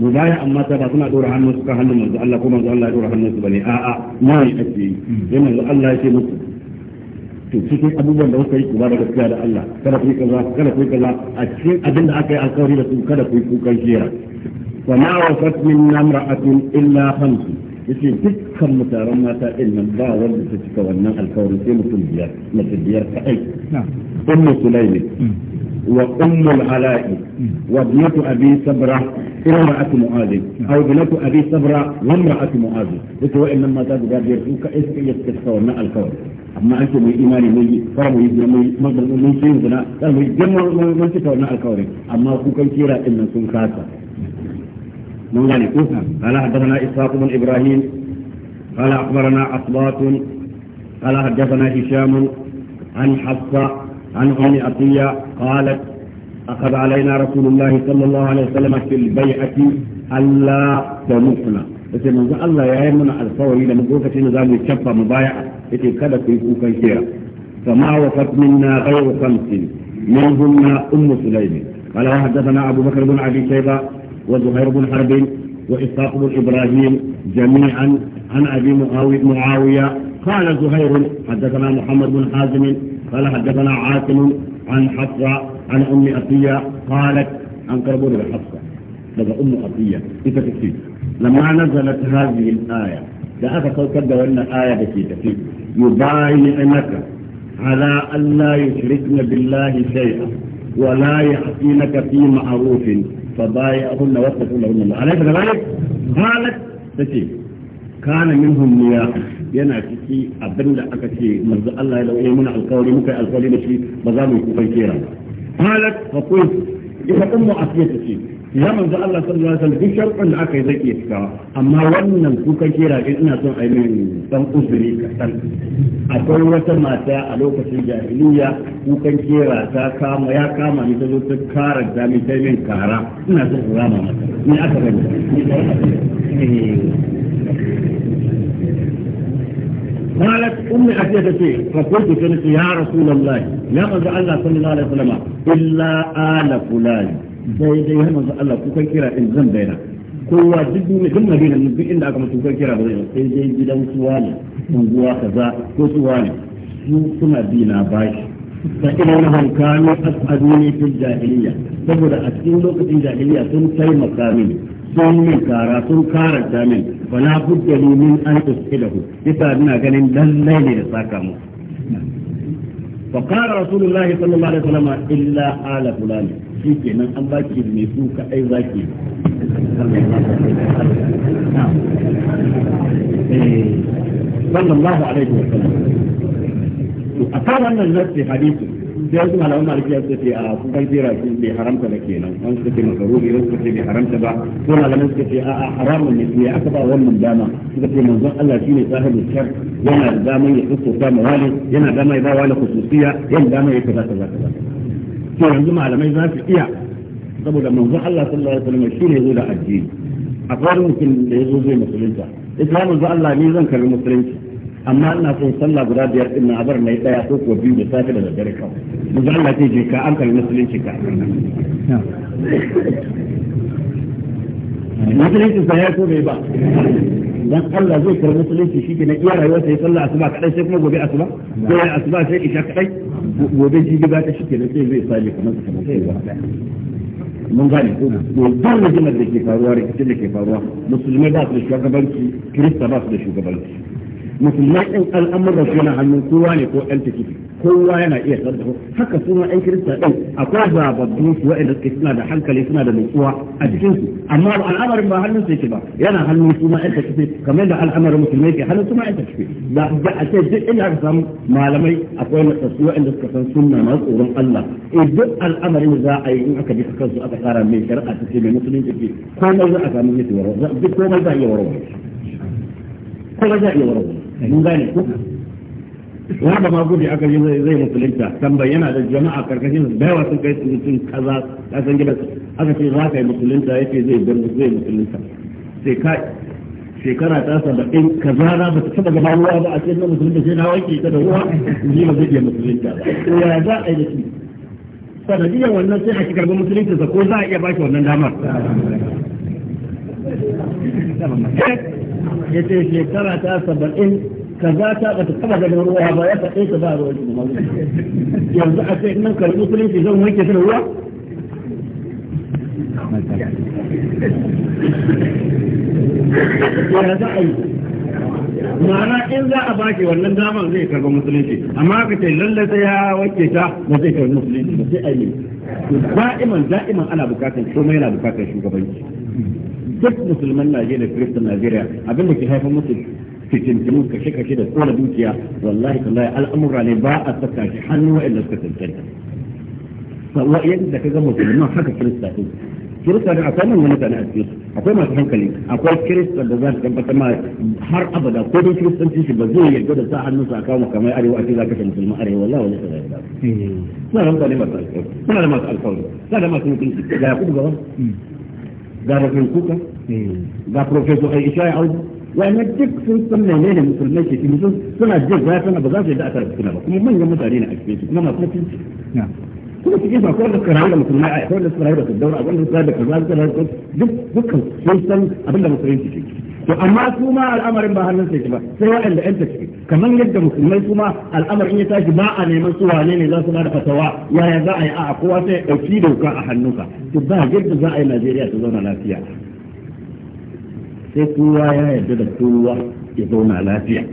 Speaker 1: mu baya amma ta ba suna dora hannu suka hannu manzon Allah ko manzon Allah ya dora hannu su bane a na yi ake yi sai manzon Allah ya ce musu to cikin abubuwan da kuka yi ku ba da gaskiya da Allah kada ku yi kaza kada ku yi kaza a cikin abin da aka yi alkawari da su kada ku yi kukan jiya wa ma wasat min namra'atin illa khamsu yace dukkan mutaran mata din nan ba wanda ta cika wannan alkawarin sai mutum biyar mutum biyar kaɗai ummu sulaimi wa ummul ala'i wa ibnatu abi sabra imra'atu mu'adh aw ibnatu abi sabra wa imra'atu mu'adh yace wa'annan mata guda biyar su kaɗai suka iya cika wannan alkawarin amma ake mai imani mai fara mai jira mai magana mai shi zina da mai jira mai cika wannan alkawarin amma kukan kira din nan sun kasa من ذلك قال حدثنا إسحاق بن إبراهيم قال أخبرنا أصبات قال حدثنا هشام عن حفصة عن أم عطية قالت أخذ علينا رسول الله صلى الله عليه وسلم في البيعة ألا تموتنا yace manzo Allah ya yi mana alfawari da lokacin da za mu kaffa mu baya yace kada ku yi kukan kira fama wa fatminna ghayru khamsin minhunna ummu sulaym qala hadathana abu bakr bin abi shayba وزهير بن حرب وإسحاق بن إبراهيم جميعا عن أبي معاوية قال زهير حدثنا محمد بن حازم قال حدثنا عاصم عن حفصة عن أم أطية قالت عن قربون حفصة لدى أم أطية إذا تكفي لما نزلت هذه الآية da aka saukar أن الآية aya da على tafi yubayni anaka ala an la yushrikna billahi فبايعهن واتقوا لهن الله أليس كذلك؟ قالت تشي كان منهم yana ciki abin aka ce manzo ya lauye muna alkawari muka yi alkawari da shi ba ba. ita ummu asiya ta ce ya manzo Allah sallallahu alaihi wasallam duk sharɗin da aka yi zai iya cikawa amma wannan kuka kira in ina son a yi min dan uzuri kasan akwai wata mata a lokacin jahiliya kukan kera ta kama ya kama ni ta zo ta kara da mi ta min kara ina son rama mata ni aka
Speaker 2: gani
Speaker 1: قالت أم أجية شيء فقلت كنت يا رسول الله يا مزع الله صلى الله عليه وسلم إلا آل فلان زي زي هم مزع الله كوكي كيرا إنزم بينا كوا جدو مجمع بينا نبي إلا كما كوكي إيه كيرا بزينا زي زي جدا وسواني ونبوا خزا وسواني سنة بينا باش فإنهم كانوا أسعدوني في الجاهلية فبدأ أتكين لوقت الجاهلية سنة مقامين سنة كارا سنة كارا كامين ولا بد لي من أن أسئله يسا بنا قال لن لي فقال رسول الله صلى الله عليه وسلم إلا آل فلان شيكي من أن باكي ميسوك أي ذاكي نعم. إيه. صلى الله عليه وسلم أقام أن الناس في حديثه جاءت على عمر في جلسة آه، في أفضل في رأسي في حرمت لك أنت في مفروض يوسف في حرمت بقى كل على مسك في حرام من آه، آه، في أكبر أول من داما إذا في منظر الله فيه صاحب الشر ينا داما يخص دام والي ينا داما يبا والي خصوصية ينا داما يكذا كذا كذا في عندما على ميزان في إياه طب لما منظر الله صلى الله عليه وسلم الشيء يزول الحجين أقوال ممكن يزول زي مسلمتها منظر الله ميزان كالمسلمتها amma ina son sallah guda biyar din na abar mai daya ko ko biyu da safi da daddare kawai yanzu Allah ce ka an kalli musulunci ka musulunci sa ya so bai ba dan Allah zai karbi musulunci shi ke na iya rayuwa sai sallah asuba kadai sai kuma gobe asuba sai asuba sai isha kadai gobe ji ba ta shi ke na sai zai sale kamar kamar sai ba mun gane ko ko dan rigimar da ke faruwa rikicin da ke faruwa musulmai ba su da shugabanci kirista ba su da shugabanci musulmai din al'amuran su hannun kowa ne ko ɗan tafi kowa yana iya sarrafa haka su ɗan kirista ɗin akwai zababbi su waɗanda suke suna da hankali suna da nutsuwa a cikin su amma al'amarin ba hannun su yake ba yana hannun su ɗan tafi kamar da al'amarin musulmai ke hannun su ɗan tafi da a ce duk inda aka samu malamai akwai matsatsu waɗanda suka san sunna na tsoron Allah duk al'amarin za a yi in aka bi kansu aka tsara mai shari'a ta ce mai musulunci ke komai za a samu mutuwar duk komai za a iya warware komai za a iya warware mun gane ko wanda ma gobe aka yi zai musulunta kan bayyana da jama'a karkashin da yawa sun kai sun kaza ka san gida aka ce za ka yi musulunta yake zai bar zai musulunta sai ka shekara ta saba'in kaza na ba ta taba gaba ruwa ba a ce na musulunta sai na wanke ta da ruwa ni ba zai iya musulunta ba ya za a yi da shi sanadiyar wannan sai a shi karbi musulunta ko za a iya ba shi wannan damar ya ce shekara ta saba'in kaza ta ba ta taba ganin ruwa ba ya faɗe ta ba ruwa yanzu a ce nan karɓi musulunci zan wanke da ruwa
Speaker 2: ya za a yi ma'ana
Speaker 1: in za a baki wannan damar zai karɓi musulunci amma ka ce lallai sai ya wanke ta ba zai karɓi musulunci ba sai a yi Ba'iman da'iman ana bukatar komai yana bukatar shugabanci duk musulman Najeriya Kristan Najeriya abin da ke haifar musu fitintinu kashe kashe da kona dukiya wallahi tallahi al'amura ne ba a saka shi hannu wa'anda suka tantance sawa yadda ka ga musulman haka Kirista ne Kirista ne akwai nan wani tana a cikin akwai masu hankali akwai Kirista da za su tabbatar ma har abada ko dai Kiristanci shi ba zai yarda da sa hannu sa kawo kamar arewa a ce za ka shi musulman arewa wallahi wani tana da
Speaker 2: suna
Speaker 1: da mutane masu alƙawari suna da masu alƙawari suna da masu mutunci ga yakubu gaba ga rafin kuka ga professor Aisha ya auzu ne duk sun san menene musulmai ke cikin suna jin sana ba za su yi da akara suna ba kuma manyan mutane na a cikin su kuma masu mutunci kuma cikin ba akwai da karawa da musulmai a akwai da su rayu da su daura akwai da su rayu da kaza da kaza duk dukkan sun san abin da musulmai ke ciki to amma su ma al'amarin ba hannun sai ba sai waɗanda ƴan ciki kamar yadda musulmai su ma al'amarin ya tashi ba a neman su wane ne za su da fatawa yaya za a yi a kowa sai ɗauki doka a hannunka to ba yadda za a yi Najeriya ta zauna lafiya sai kowa ya yarda da kowa ya zauna lafiya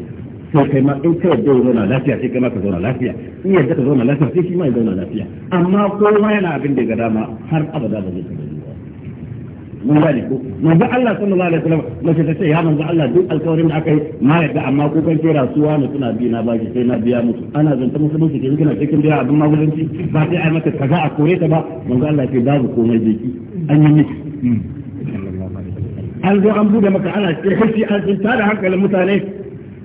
Speaker 1: sai kai ma in ka yadda ya zauna lafiya sai kai ma ka zauna lafiya in yadda ka zauna lafiya sai shi ma ya zauna lafiya amma kowa yana abin da ya ga dama har abada ba zai mun gane ko manzo Allah sallallahu alaihi wasallam mace ta ce ya manzo Allah duk alƙawarin da aka yi ma yadda amma ko kan kira suwa ne suna bi na baki sai na biya musu ana zanta musulunci ke kina cikin biya abin magudanci ba sai ai mata kaza a kore ta ba manzo Allah ke babu komai ki an yi miki an zo an bude maka ana ce kashi an tsinta da hankalin mutane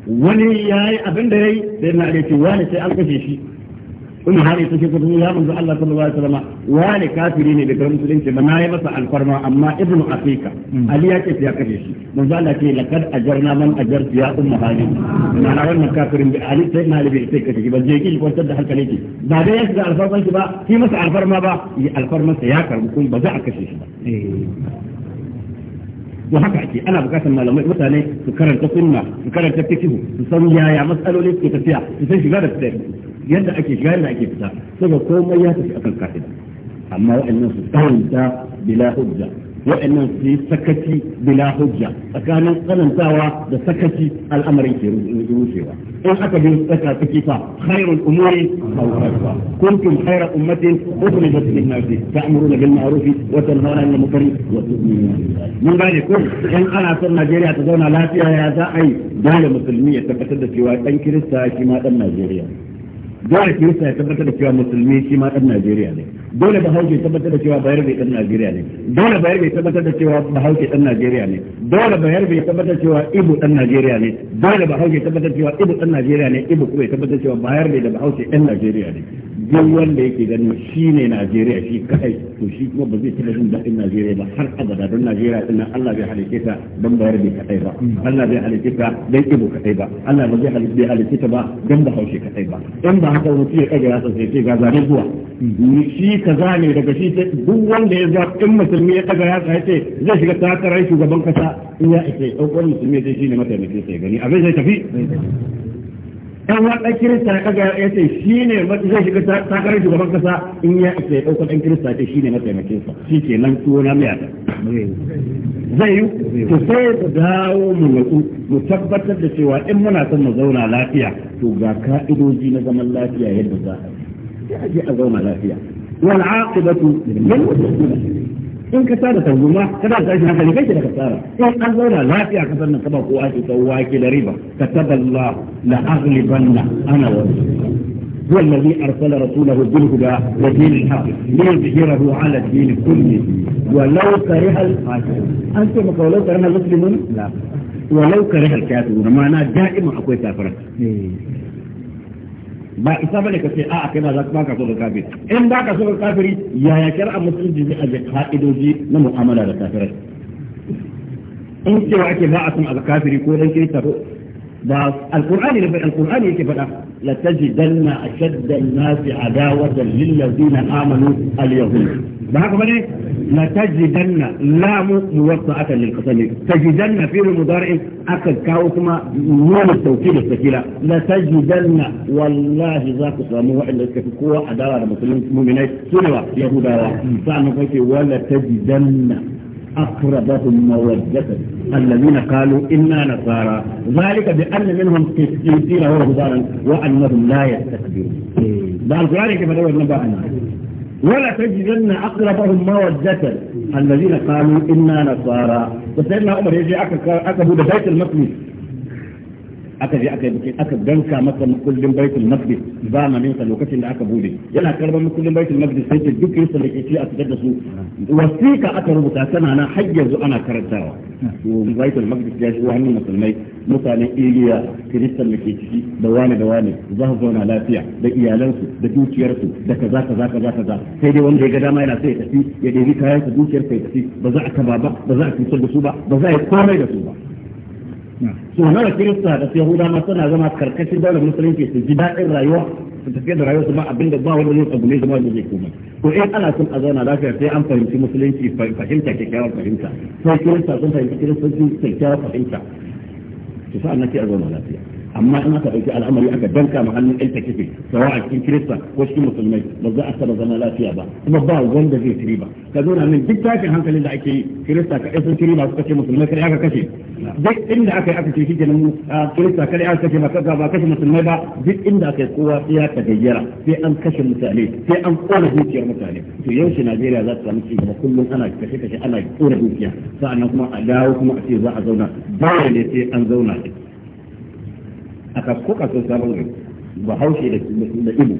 Speaker 1: wani yayi abin da yayi sai na ce wani sai an kashe shi kuma har ita ce kuma ya manzo Allah sallallahu alaihi wasallam wani kafiri ne daga musulunci ba nayi masa alfarma amma ibnu afika hmm. ali ya ce ya kashe shi manzo Allah ce laqad ajarna man ajarti ya ummu halin na wannan kafirin da ali sai na libe sai kashe ba je ki kwantar da hankali ki ba dai ya shiga alfarman ba k'i masa alfarma ba yi alfarma sa ya karbu kuma ba za a kashe shi ba eh. to haka ake ana bukatar malamai mutane su karanta sunna su karanta fikihu su san yaya matsaloli suke tafiya su san shiga da tafiya yadda ake shiga yadda ake fita saboda komai ya tafi akan kafin amma wa'annan su tsananta bila hujja wa'annan su yi sakaci bila hujja tsakanin tsanantawa da sakaci al'amarin ke rushewa in aka bi tsaka suke fa khairul umuri awsatuha kuntum khaira ummatin ukhrijat lin nas ta'muruna bil ma'ruf wa tanhauna 'anil munkar wa tu'minuna billah mun gane ko in ana son Najeriya ta zauna lafiya ya za a yi dole musulmi ya tabbatar da cewa dan Kirista shi ma dan Najeriya dole kirista ya tabbatar da cewa musulmi shi ma dan Najeriya ne dole bahaushe tabbatar da cewa bayar bai dan Najeriya ne dole bayar bai tabbatar da cewa bahaushe dan Najeriya ne dole bayar bai tabbatar da cewa ibo dan Najeriya ne dole bahaushe tabbatar da cewa ibo dan Najeriya ne ibo kuma ya tabbatar da cewa bayar bai da bahaushe dan Najeriya ne duk wanda yake ganin shi ne Najeriya shi kai to shi kuma ba zai taɓa jin daɗin Najeriya ba har abada don Najeriya din nan Allah bai halice ta don bayar da kadai ba Allah bai halice ta don ibo kadai ba Allah ba zai halice halice ta ba don ba haushe kadai ba in ba haka wani ya kaga yasa sai ce ga zane zuwa shi ka zane daga shi duk wanda ya zaɓi in musulmi ya kaga yasa ya ce zai shiga takarar shugaban kasa in ya ake ɗaukar musulmi sai shi ne mataimakin sai gani abin zai tafi ɗan wani kirista ya kaga ya ce shi ne zai shiga takarar shugaban kasa in ya isa ya ɗauka ɗan kirista ce shi ne mataimakin sa shi ke nan tuwo na mai zai yi to sai ku dawo mu nutsu mu tabbatar da cewa in muna son mu zauna lafiya to ga ka'idoji na zaman lafiya yadda za a yi a a zauna lafiya wal aqibatu lil muttaqin in ka tada tanguma ka da tashi hankali kai da tsara in an zauna lafiya ka sannan ka ba kowa ke tsawa wake da riba ka taballahu la aghlibanna ana wa هو الذي أرسل رسوله بالهدى ودين الحق ليظهره على الدين كله ولو كره الكافرون أنتم ولو كره المسلمون لا ولو كره الكافرون معناه دائما akwai كافرة ba isa bane ka ce a a kai za ka so ka kafiri in baka so ka kafiri yaya a musulunci zai aje ka'idoji na mu'amala da kafirai in cewa ake ba a san a kafiri ko dan kirista القرآن يقول القرآن يقول لتجدن أشد الناس عداوة للذين آمنوا اليهود ما هو بني؟ لتجدن لام موطعة للقسم تجدن في المضارع أكد كاوكما نوم التوكيل السكيلة لتجدن والله ذاك سلام واحد لك في قوة عداوة المسلمين مؤمنين سنوا يهودا فأنا قلت ولتجدن أقربهم مودة الذين قالوا إنا نصارى ذلك بأن منهم قسيسين ورهبانا وأنهم لا يستكبرون بعد القرآن كيف نقول نبأنا ولا تجدن أقربهم مودة الذين قالوا إنا نصارى وسيدنا عمر يجي أكبر بيت المقدس aka je aka yi bikin aka danka masa makullin baitul ba zamanin sa lokacin da aka bude yana karban makullin baitul maqdis sai ta duk yasa da ke ci a fitar da su wasiqa aka rubuta tana nan har yanzu ana karantawa baitul maqdis ya shigo hannun musulmai mutanen Iliya kiristan da ke ciki da wani da wani za su zauna lafiya da iyalansu da dukiyarsu da kaza kaza kaza kaza sai dai wanda ya ga dama yana sai ya tafi ya ɗebi kayan sa dukiyar sa ya tafi ba za a kaba ba ba za a cutar da su ba ba za a yi komai da su ba so na kirista da yahuda ma suna zama karkashin daular musulunci su ji daɗin rayuwa su tafi da rayuwa su ma abin da ba wani zai tsagune su ma zai koma to in ana son a zauna lafiya sai an fahimci musulunci fahimta kyakkyawar fahimta sai kirista sun fahimci kiristanci kyakkyawar fahimta su sa'an na ke a zauna lafiya amma in aka ɗauki al'amari aka danka ma hannun ɗan takife sawa a cikin kirista ko cikin musulmai ba za a taɓa zama lafiya ba kuma ba wanda zai ci riba ka zo nan duk tashin hankalin da ake yi kirista kaɗai sun ci riba suka ce musulmai kaɗai aka kashe duk inda aka yi aka ce shi kenan kirista kaɗai aka kashe ba ba kashe musulmai ba duk inda aka yi kowa ya ya tagayyara sai an kashe mutane sai an ƙona zuciyar mutane to yaushe Najeriya za ta samu ci gaba kullum ana kashe kashe ana ƙona dukiya sa'annan kuma a dawo kuma a ce za a zauna ba ne sai an zauna a ko kasuwar sabon gari ba haushe da ilu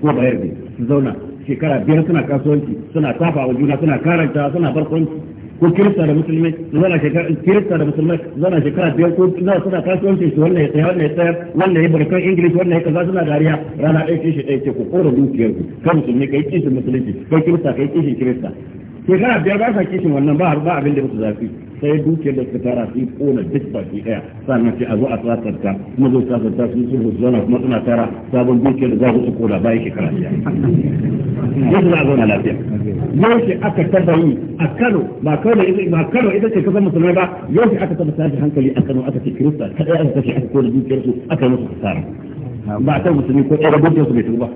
Speaker 1: ko bayar da su zauna shekara biyar suna kasuwanci suna tafa wa juna suna karanta suna barkwanci ko kirista da musulmi zana shekara kirista da musulmi zana shekara biyar ko zana suna kasuwanci su wannan ya tsaya wannan ya tsaya wannan ya barkan ingilis wannan ya kaza suna dariya rana ɗaya shi ɗaya ce ku kora dukiyar ku kan musulmi kai kishin musulunci kai kirista kai kishin kirista shekara biyar ba sa kishin wannan ba ba abin da ba su zafi sai dukiyar da suka tara su kona duk baki daya sannan sai a zo a ta kuma zo tsatsarta sun sun zauna kuma suna tara sabon dukiyar da za su kona bayan shekara biyar yadda za a zauna lafiya yaushe aka taba yi a Kano ba Kano ita ba Kano ita ce kasar musulmai ba yaushe aka taba tashi hankali a Kano aka ce Kirista kadai aka kashe aka kona dukiyar su aka musu kasara ba a kan musulmi ko ɗaya rabon su bai tuba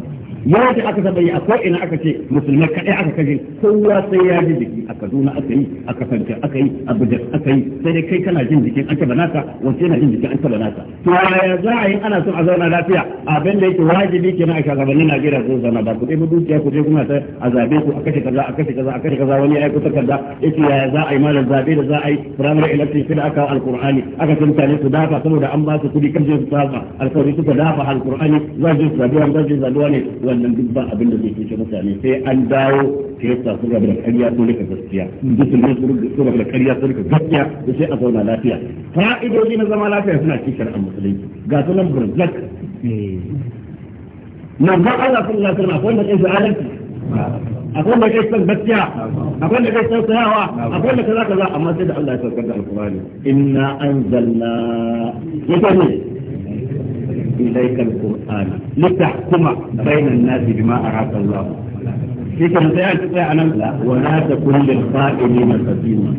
Speaker 1: yaji aka saba yi a ko ina aka ce musulmai kadai aka kashe kowa sai ya ji jiki a Kaduna aka yi a Kasance aka yi a Bujar aka yi sai dai kai kana jin jikin an taba naka wace yana jin jikin an taba naka to ya za a yi ana son a zauna lafiya abin da yake wajibi kenan a shugabannin Najeriya zo zauna ba ku dai mu dukiya ku dai kuma ta a zabe ku a kashe kaza a kashe kaza a kashe kaza wani ya kuta kaza yace ya za a yi malam zabe da za a yi primary election sai da aka wa alqur'ani aka ce mutane su dafa saboda an ba su kudi kan je su dafa alƙawari suka dafa alqur'ani za su zabe wanda zai zabe wani waɗannan duk ba abin da zai cuce mutane sai an dawo kirista sun rabu da karya sun rika gaskiya duk sun rabu da karya sun rika gaskiya da sai a zauna lafiya fa'idoji na zama lafiya suna cikin shar'an musulunci ga sunan burzak na ba Allah sun alaihi na akwai wanda ke adalci akwai wanda kai san gaskiya akwai wanda kai san tsayawa akwai wanda za ka za amma sai da Allah ya saukar da alqur'ani inna anzalna yake ne إليك القرآن لتحكم بين الناس بما أراد الله في كم لا ولا تكن للخائنين قديما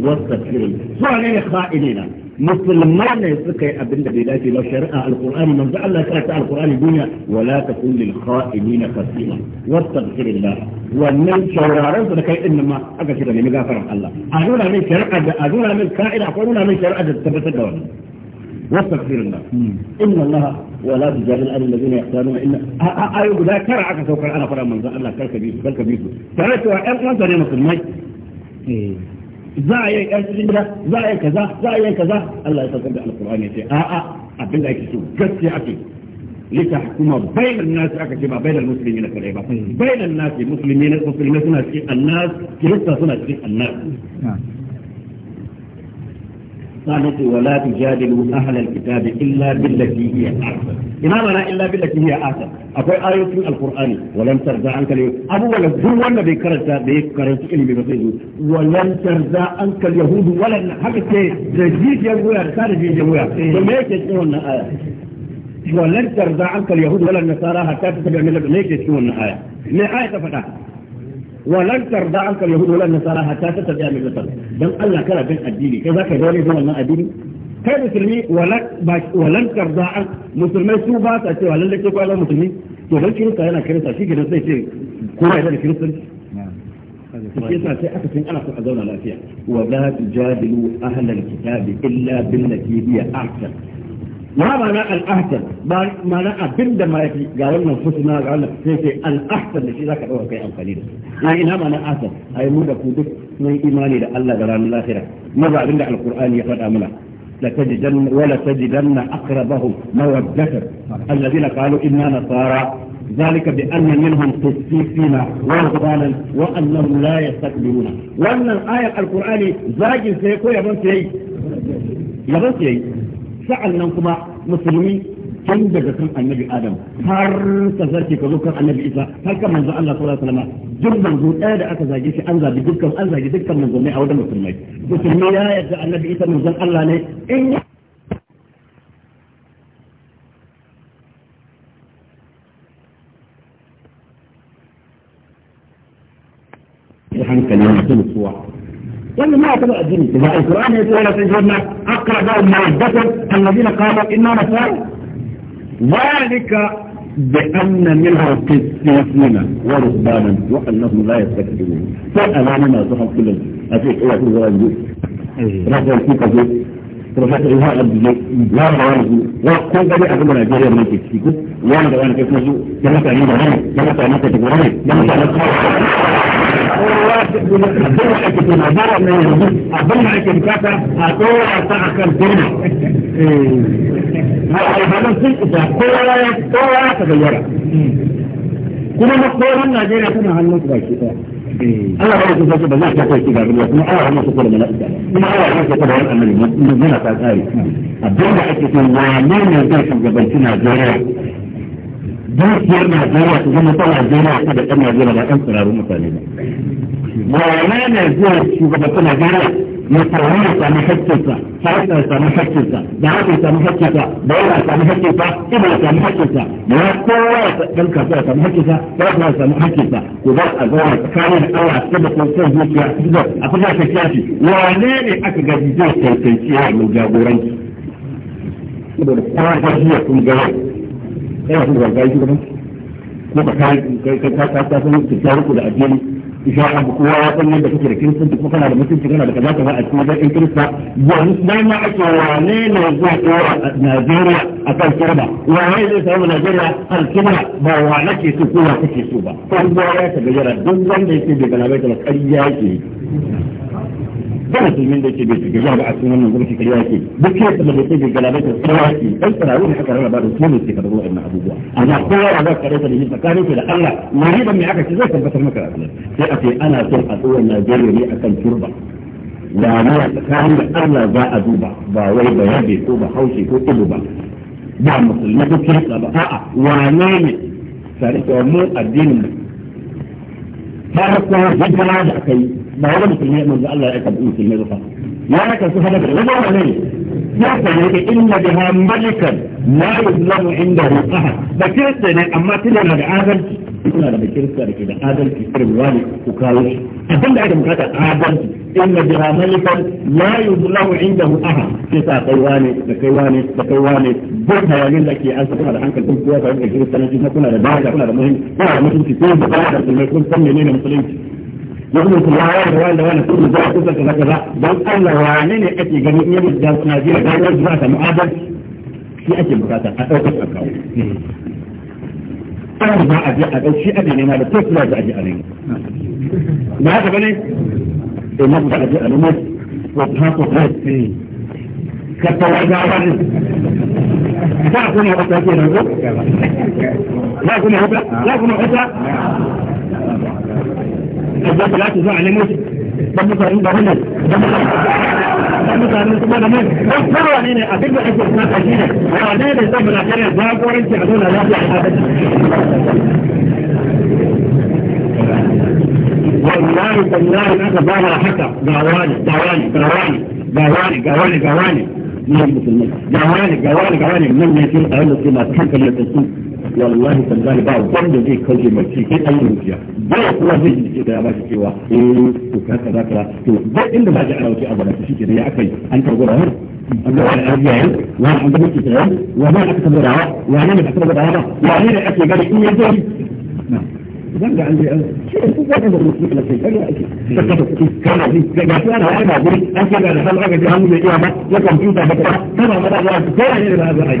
Speaker 1: والتكفير فعلي خائنين مثل ما يسقى أبن بلاتي لو شرع القرآن من فعل لك القرآن الدنيا ولا تكن للخائنين قديما والتكفير الله ومن شرارة لك إنما أكثر من غفر الله أدونا من شرع أدونا من كائن أقولنا من شرع أدونا وتكبير الناس إن الله ولا تجاب الأهل الذين يحتانون أيوة، إن أيوب ذا كرع كسوك الأنا فلا منظر ألا كالكبير كالكبير كالكبير كالكبير كالكبير كالكبير كالكبير كالكبير زاي أسلمنا زاي كذا زاي كذا الله يتكلم على القرآن يتي آآ آآ أبدا يكسو قتي أكي لتحكم بين الناس أكي ما بين المسلمين في العبا إيه. بين الناس المسلمين المسلمين الناس كرسة سنة الناس نعم. الثالث ولا تجادلوا أهل الكتاب إلا بالتي هي أحسن إمام أنا إلا بالتي هي أحسن أقول آية في القرآن ولم ترضى عنك اليهود أبو ولا هو أن بيكرت بيكرت إلي بمسيجه ولم ترضى عنك اليهود ولا حقك تجيك يا أبويا تارجي يا أبويا فما آية ولن ترضى عنك اليهود ولا النصارى حتى تتبع ملك ما يكتبون آية ما آية تفتح ولن ترضى عنك اليهود ولا النصارى حتى تتبع ملتهم بل الله كره بين الدين كذا كذا هو من الدين كان مسلمي ولن ولن ترضى عنك مسلمي سو با تاتي ولن لك يقول لهم مسلمي تو هل كيف كان كريتا شي كده زي كده كوره يعني كريتا في كيسا سي أكثر أنا في حضورنا الأفياء وَلَا تُجَادِلُوا أَهْلَ الْكِتَابِ إِلَّا بِالَّتِي أَحْسَنُ ما معنى الأحسن ما معنى أبدا ما يفي قالنا أنفسنا قالنا سيكي الأحسن لشي ذاك هو كي أنقليل يعني إنها معنى أحسن أي مودة كودك من إيماني لألا دران الآخرة ماذا أبدا القرآن يفرع منه لتجدن ولا تجدن أقربهم مودة الذين قالوا إنا نصارى ذلك بأن منهم قسيسين ورهبانا وأنهم لا يستكبرون وأن الآية القرآنية زاجل سيكو يبن سيئي يبن سيئي nan kuma musulmi tun daga kan annabi adam har ka zarce ka zo kan annabi isa har kan manzo Allah sallallahu alaihi wasallam duk manzo ɗaya da aka zage shi an zage dukkan an zage dukkan manzo ne a wajen musulmai musulmi ya yarda annabi isa manzon Allah ne in hankali mutum suwa
Speaker 2: يعني ما يتبع
Speaker 1: الدين إذا القرآن يقول في جنة أقربهم مودة الذين قالوا إنا نسأل ذلك بأن منها قسيسنا ورهبانا وأنهم لا يستكبرون فالأمانة ما تحصل كل أشياء إلى كل ذلك
Speaker 2: رفع الكيكة
Speaker 1: professor ya haɗa da ya ba wani su ya
Speaker 2: kun gani abin da Najeriya ne ke ciki ya da wani kai kuma su ya mutane da wani ya mutane da wani ya mutane da wani abin da ake bukata a tsora ta a kan turma eh, a alhalin sun isa kowa ya ta gayyara kuma makoran
Speaker 1: Najeriya tana hannun su baki ɗaya Allah ba ku sace ba za ta kai gari ba kuma Allah ya saka da mala'ika kuma
Speaker 2: Allah ya saka da wannan ba mun gina ta tsari abin da ake son wa. ne zai shugabanci Najeriya dukiyar Najeriya su zama ta Najeriya ta da ɗan Najeriya ba
Speaker 1: ɗan tsirarun mutane
Speaker 2: ba wane ne zai shugabanci Najeriya
Speaker 1: ya karbi ya sami hakkinsa sarki ya sami hakkinsa da haka ya sami hakkinsa da yana ya sami hakkinsa ina ya sami hakkinsa da ya kowa ya dan kasuwa ya sami hakkinsa da ya sami hakkinsa ko ba a zauna tsakanin da Allah ta da kokon zuciya a fita ta kiyashi wane ne aka gaji zai tantance ya mu jagoranci saboda kowa ta jiya kun ga yana kun ga gaji ko ba kai kai ka ka ka san ki ta ruku da addini ya abu kowa ya san yadda kake da kiristanci kuma kana da mutunci kana da kaza kaza a cikin zarkin kirista yanzu dan ma ake wane ne zai tsora Najeriya a kan kirba wane zai samu Najeriya kan kirba ba wa nake so ko wa kake so ba kowa ya ta gayyara duk wanda yake bai gana bai ta ƙarya yake ba musulmin da yake bai shiga ya ba a cikin wannan gwamnati kariya yake duk ya tsalla da yake galabe ta tsawa yake dan tsarawo ne aka rarraba da su ne suke karɓar wannan abubuwa amma kowa ya ga kare ta da tsakanin da Allah na riban me aka ce zai tabbatar maka sai a ce ana son a tsoron Najeriya ne akan turba da na tsakanin da Allah za a duba ba wai da yabe ko ba haushe ko ido ba ba musulmi ko kirista ba a'a wane ne tare da mu addinin mu farko hijira da aka yi ba wani musulmi manzo Allah ya aika musulmi ba ya aika su hada da wani ne ya sanya ke inna biha malikan la yuzlamu indahu ahad ba kirista ne amma tana da adalci suna da kirista da ke da adalci irin wani ku kawo shi abinda ake bukata adalci inna biha malikan la yuzlamu indahu ahad sai sa kai wani da kai wani da kai wani duk hayanin da ke an kuna da hankali kun kuwa fahimta kiristanci kuna da daraja kuna da muhimmanci kuna da mutunci ko da ba da musulmai kun san menene musulunci mutum su ya wani wani wani kudu za a kusa kaza kaza don Allah wane ne ake gani in yadda da Najeriya ta yi wasu ta mu'adar shi ake bukata a ɗaukar a kawo. Ana ba a je a ɗauki ake nema da kotu za a je a nema. Ba haka ba ne? Da na kusa a je a nema
Speaker 2: ko ta ko ta ce. Ka ta wani gawa ne. Za a kuna wata ke nan ko? Za a kuna wata? Za a kuna wata? da za ta zo a nemo shi dan mutanen garin nan dan mutanen
Speaker 1: kuma da mai dan kowa ne ne abin da ake fata shi ne wa ne da zan bana kare jagoranci a zauna lafiya a hadin
Speaker 2: wallahi wallahi aka ba
Speaker 1: haka ga wani ga wani ga wani ga wani ga wani ga wani من المسلمين جوانب جوانب جوانب من يصير أهل السماء كيف يتصل والله تنزل بعض ضمن ذي كوجي مرشي كي أي مرشي بيت الله ذي كده ما شكي وا إيه؟ وكذا ذاكرة إيه؟ بيت إنه ما جعله شيء أبدا شيء كده يا أخي أنت تقول هر أبدا على أرجعين وأنا عند بيت كده وأنا أكتب رعاة وأنا أكتب رعاة وأنا أكتب رعاة وأنا أكتب رعاة zan ga an je an ce su da mutum na kai ake kana ji ga ga ana ai ba guri an ce ga da halwa ga hannu iya ba ya computer ba ta kana ma da za ka ne da za a yi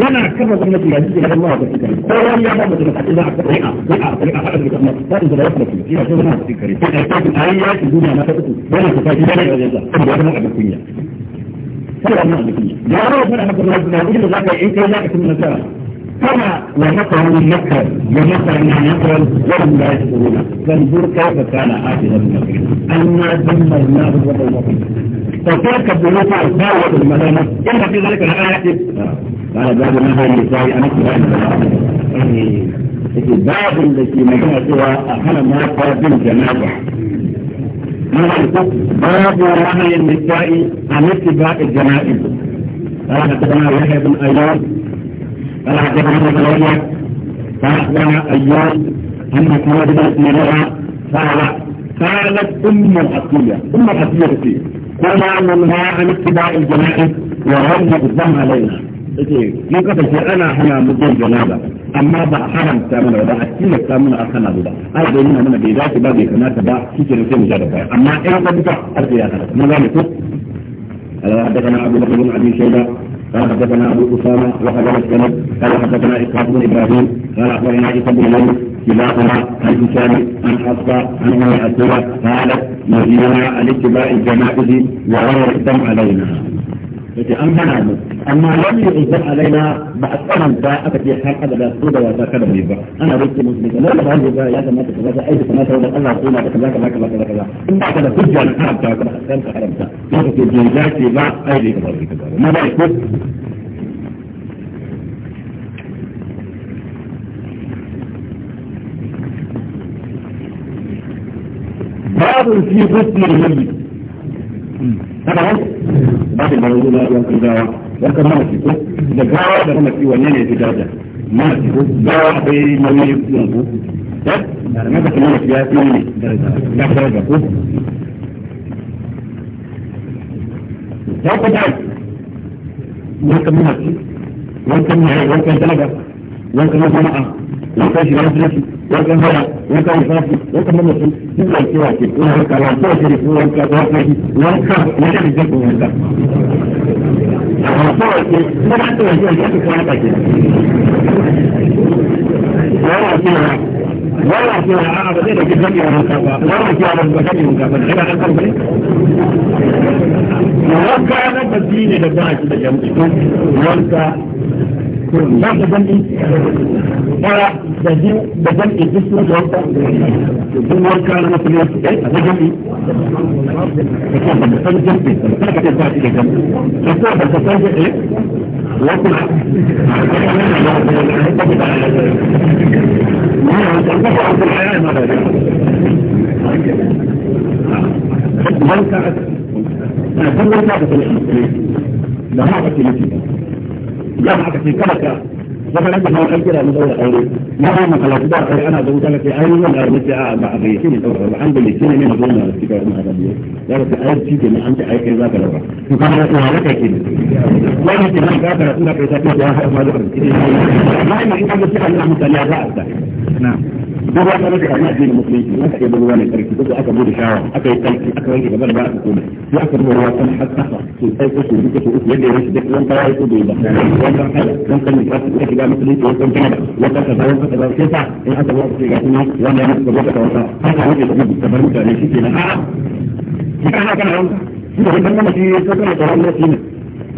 Speaker 1: yana kafa gwamnati ga cikin Allah ko wani ya ba mutum ka za ka ri'a ri'a ri'a hada da kuma ba da da mutum shi ne ko na cikin kare sai ka ta ayi ya ki duniya na ta uku yana ta fadi da ga ka in kai za ka nasara كما ونقع من مكة ونقع من نقل ولم لا يشكرون فانظر كيف كان عاقبة المكرمين أنا دمرناه وضلهم فكيف بنوت الفاوة المدينة إن في ذلك الآية قال بعد ما هو
Speaker 2: النساء أنا يعني في باب الذي مجمع سوى أحنا ما قابل جنابه باب رمي النساء عن اتباع الجنائز قال حدثنا يحيى بن ايوب قال حدثنا متولى فأخبرنا أيام أن سواد بن مرة قال قالت أم العطية أم العطية كثير
Speaker 1: كما ننهى عن اتباع الجنائز وهم الدم علينا إيه. من قبل شيء أنا هنا مدين جنابة أما بقى حرم تامنا وبقى أكيد تامنا أخنا بقى أرض هنا من بيدات بقى بيخنا تبقى كتير نسيم جربة أما إيه قد بقى أرض يا أخنا ما ذلك أنا أبو بكر بن أبي شيبة قال حدثنا ابو اسامه وحدثنا السند قال حدثنا اسحاق بن ابراهيم قال اخبرنا عيسى بن يونس سباقنا عن هشام عن حصى عن ام قالت نهينا عن اتباع الجماعه وغير الدم علينا yake an hana mu amma lam yu'zar alaina ba a tsananta aka ce har abada su da wata kada mu ba ana rike musu daga lalle ba ya kamata ka ga aiki kamata da Allah ko na ka kaza kaza kaza kaza in ba ka da hujja na haramta ka san ka haramta
Speaker 2: to ka ce bai dace ba aiki kamar ka kaza na ba ko باب في غسل الميت saboda babin da yanzu na ruwan gawa yankan mana fito da gawa da kuma
Speaker 1: fi wanne ne fi daraja mana fito gawa akwai nauyin yanzu na ka kuma ya
Speaker 2: fi ne na daraja ko ya ku dai yankan mana fito yankan mana yankan dalaga yankan mana yankan shiga mutunci wajen hana wajen zafi wajen mana su duk da cewa ke kuma haka wa ko ke ko wanka ko haka shi wanka ne da jin ko wanka amma ko ke kuma da ta wajen da ta haka ke wala cewa wala cewa
Speaker 1: a ba zai da kidan ya wanka ba wala cewa ba ba kan wanka ba da an kan bane
Speaker 2: wanka na bazine da ba shi da jami'i wanka ba ka gani ɗaya da biyu da gani duk sun da wata sun warka na musulunci ɗaya da gani da ke da san jirgin da ke da shi da gani da ke da san jirgin wasu من كانت أنا كل ما كانت الحمد لله لا ما كانت ya haka ke kada
Speaker 1: ka zaka nan kamar an kira mu daura aure na ba mu kala da ai ana da wuta ke ai wannan da nake a ba bai shi ne daura ba an da ne ne mu daura shi ka mu hada biyu ya ka ai shi ke an ta ai kai zaka daura to ka ga wa ka ke ya ne nan ka da kuma kai ta ke da har ma da ne na ina in ka ga Allah mutane ba ta na duk wani wani da addinin musulunci wanda ke bugu wani sarki ko aka bude shawara aka yi kalki aka wanke gaba da ba aka koma sai aka rubuta ruwa kan haka to sai ko su duka su uku yadda ya rashin duk wani kawai ko bai ba wannan kala dan kan ne
Speaker 2: kasu da shiga musulunci wannan kana da wannan kaza wannan kaza sai sa in aka zo aka ga kuma wannan ne ko ka wata haka wanda da mutum kamar mutane shi kenan a'a kana kana wannan shi da wannan shi ko kana da wannan shi ne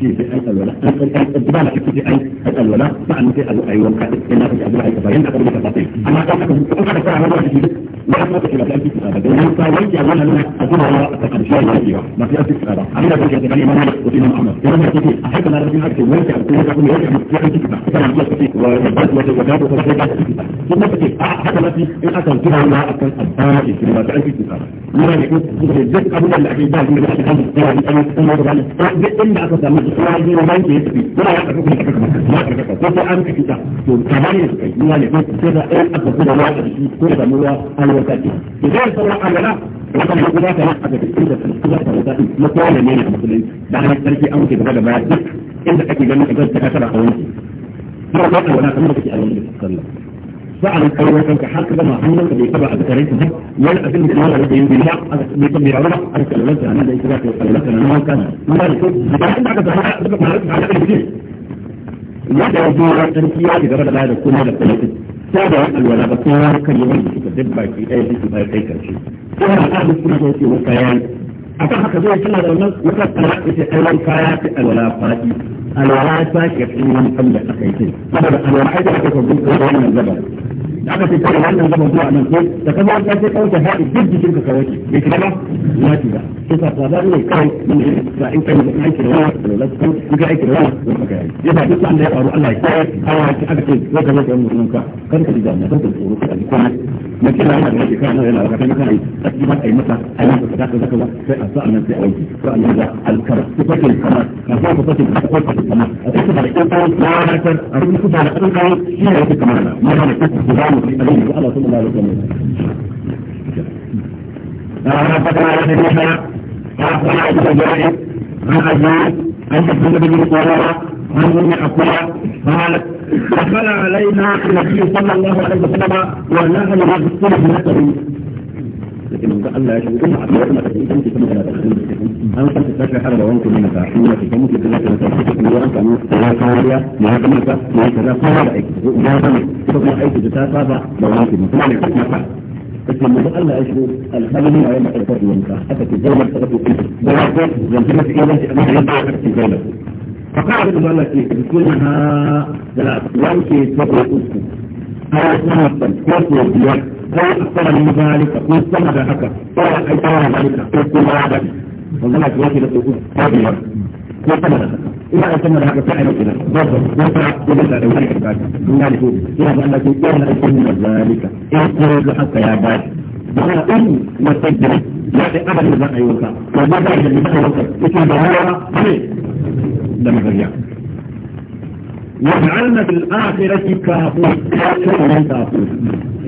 Speaker 1: في أي الولاء الجبال في أي الولاء مع أن في أي وقت إلا في أي وقت فينتقل بتفاصيل أما أنكم أنكم أنكم أنكم أنكم ba mu da lafiya cikin da dan sai wai ya wannan ne a cikin wa a cikin shi ne ya ba ta cikin da amma da kake da imam ko imam Ahmad dan da kake a haka na rabin hakki wai ka ko ka kuma yake cikin cikin da kana da cikin wa da ba ta da ka ko ka cikin kuma kake a haka na in aka kira wa akan abbara cikin ba ta cikin da ni ne ko da duk abin da ake ba ni
Speaker 2: da kan da kan kuma da ni duk inda aka samu kuma ni ban ke yi kuma ya ka kuma ka kuma ko an ka kita to kamar ne kai ni ne ko da aka kira wa ko
Speaker 1: da mu lokaci idan sauran alwala wannan ya gudata ya a gaba inda kuma ta wata na kowane ne a musulunci da hannun sarki an wuce gaba da baya duk inda ake ganin a ta kasar a kawai kuma ba ta wala kamar kake a wani sallah sa'an kawai kanka har ka gama hannun ka bai taba a zakarin ka wani abin da ya da yin biya a bai kan biya wani a kan lalata nan da ya kira ka lalata nan ma kana mun ba da ko ba kuma ka zama da ka fara da ka da ya da ya zo ran sarki ya gaba da baya da kuma da kuma ta da wani wala ba kowa kan yi wani suka dabba ki ɗaya suke ba kai karshe. Kowa a kan duk kuma sai ce akan haka zai kina da wannan wata tsara ita alwan kaya ta alwala fadi alwala ta ke tsinnan kan da aka
Speaker 2: yi saboda alwala ai da aka ko duk wannan zaba da aka ce kai wannan zaba zuwa nan ko da kuma wata ce kawai ta haɗi duk jikin ka kawai bai kira ba na ci ba sai ka tsada
Speaker 1: ne kai mun sa in kai da aiki da wannan alwala
Speaker 2: ko in ga aiki da wannan ko ka yi
Speaker 1: yasa duk an da ya faru Allah ya kai Allah ya aka ce zaka zaka yi mutum ka kar ka ji da nan ka tsoro ka ji kuma na kira Allah da ke kana yana ka kai maka ai tsaki ba ai mata ai maka zaka zaka فأنا في
Speaker 2: أوجه فأنا لا الكرم صفة الكرم نفاق صفة الكرم أتحسب على الكرم لا أكثر أتحسب على الكرم هي وقت كمان ما هو الكرم في في أبيه وقال صلى الله عليه وسلم ربنا على نبينا ربنا على الجوائب عن أجمال عن تحمد بن مصورة عن ابن عفان قالت دخل علينا النبي صلى الله عليه وسلم ونحن
Speaker 1: نغسل بنفسه لكن من الله يشهد ثم أتوا ما تكون في كل هذا أنا كنت أشتغل حرب وأنت من تعشينا في كم في كل هذا تعشينا وأنت أنا لا كاريا
Speaker 2: ما كمك ما كذا كاريا ما كمك
Speaker 1: ثم أيك جتا تابع لو أنت من ثم أنا كنت لكن من الله يشهد الخالد لا يملك الفرد والمكان حتى في زمن تغطي فيه بلغت زمزمة إيمان أنا يبقى في زمن فقاعدة الله في بسم الله ثلاث وأنت تبقى أسكت har sama ko ko biyar ko sama ne zalika ko sama da haka ko ai sama da haka ko kuma da wannan ke yake da su ko biyar ko sama da ina da sama da haka sai ai kenan ba ba ko ta ko da da wani kaza in da ko ina da Allah ke kiyar da sama da zalika in ko
Speaker 2: da haka ya ba ba dan masajjira ya da abada da zan ayyuka ko ba da da zan ayyuka da hawa ne da magariya
Speaker 1: وجعلنا في الآخرة كافور كافور كافور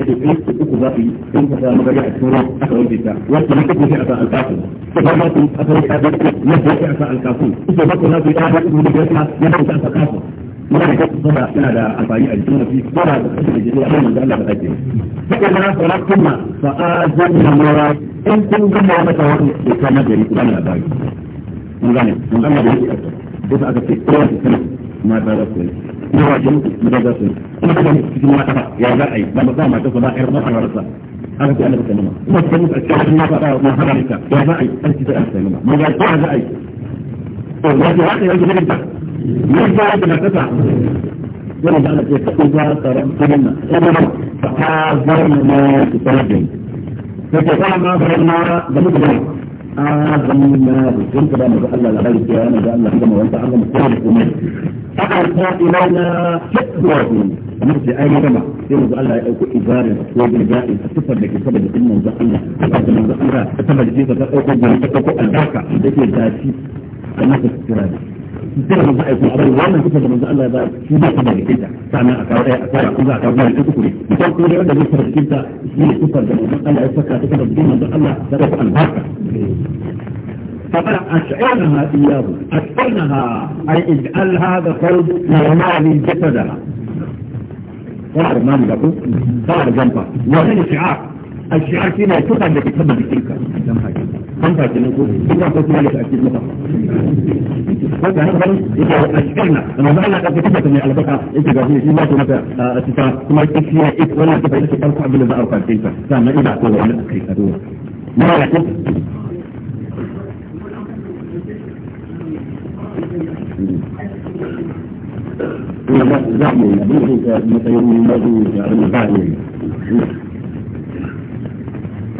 Speaker 1: أكبر أنت مبيع الشروط أخرج بك وصلتك في أفاء الكافور تفرقت أخرج أبدك يخرج أفاء الكافور إذا بطل في أهلك من بيتها يخرج أفاء الكافور ولكن صدى هذا الطريق الجنة في صدى الجنة من ذلك الأجل فإذا صلاتنا فآذنا مرات إن كنتم لا تتوقف كما جريت لنا ذلك من ذلك من ذلك الأجل إذا أدفت كل mata za su yi yawa ce maza za su yi kuma kuma cikin mata ba ya za a yi ba ba mata ba ɗayar ba a
Speaker 2: rasa an ce annabi sallama kuma cikin mata ce cikin mata ba ma haka ne ka ya za a yi an ce sai annabi sallama ma ga ba za a yi to ya ce haka yanzu ne ta ne ba da na kasa yana da ana ce ta uba tsaron sunna yana ta zarma ma ta tsarin sai ta ma farma da mutum أعظم
Speaker 1: ما كنت بقى متألى لغاية يا أنا بقى وأنت أعظم الصالح ومن
Speaker 2: أعطى
Speaker 1: إلينا فكرة نفس آية كما يقول الله يقول إزار وابن جائز السفر إن من الله dukkan za a yi kuma wannan kuka da manzo Allah ya bayar shi ba kuma da kinta sannan a kawo ɗaya a kawo kuma a kawo ɗaya uku ne idan kuma da wanda zai fara kinta shi ne kuka da manzo Allah ya saka ta da manzo Allah da ta albarka فقد أشعرها إياه أشعرها أي اجعل هذا قول ومعني جسدها ظهر مالي لكم ظهر جنبه وهي شعار a shi'ar shi na kiran da ke taba jikinka an ba ki ko ina ko kuma da ake maka ko da haka ita a shi'ar na amma ba Allah ka ka tabbata mai albaka yake ga shi ma ko mata a tsita kuma ki shi ya ita wannan ta bayyana farko abin da za a farke ta sannan ina ko wannan kai kado na ya ko
Speaker 2: Ina ba za mu yi abin da matsayin mazu da abin da ba ne.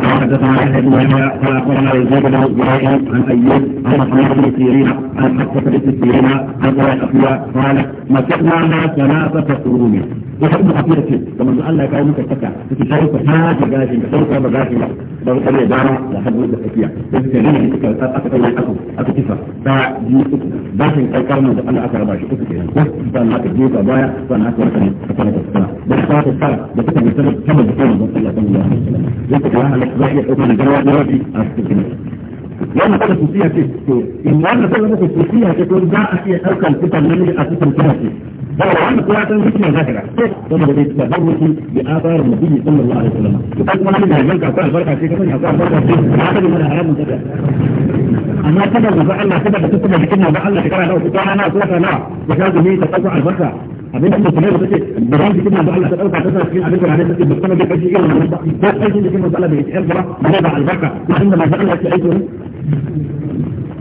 Speaker 2: حدثنا عن ابن يحيى قال اخبرنا يزيد بن الزهري عن ايوب عن محمد بن سيرين عن حفصه بن سيرين عن ابي قال
Speaker 1: مسكنا ثلاثه قرون ya haɗu da fiye ce da manzo Allah ya kawo maka saka suke shafi ka ta ga gashin ka sauka ba gashin ba da wata ne dama da haɗu da tafiya da suke ne suka aka kawo aka aka kisa da biyu uku gashin kai karnu da Allah aka raba shi uku kenan ko sannan aka je ka baya sannan aka warka ne ka fara ka fara da ka fara fara da suka ne sanar kama da kai manzo Allah sallallahu alaihi wasallam yake kana Allah ya iya ɗaukar da garwa da
Speaker 2: rabi a cikin
Speaker 1: wannan kada su siya ce to in wannan sai wanda su siya ce to za a iya ɗaukar kusan nan ne a kusan kuma ce daga wannan kuma san zuciya za ka ga to da dai da wuce da abar mutum sallallahu alaihi wasallam to kuma nan da yanka ko albarka ce kuma ko albarka ce ba ta da mana haramun daga amma kada manzo Allah kada da kuma da kinna ba Allah ta kara da ku kana na ko kana da ka zumi ta tsaka albarka abin da kuma da kace da ran cikin manzo Allah ta dauka ta cikin abin da hadisi da kuma da kace yana da da aikin da manzo Allah bai yi ba da albarka inda manzo Allah ya aiki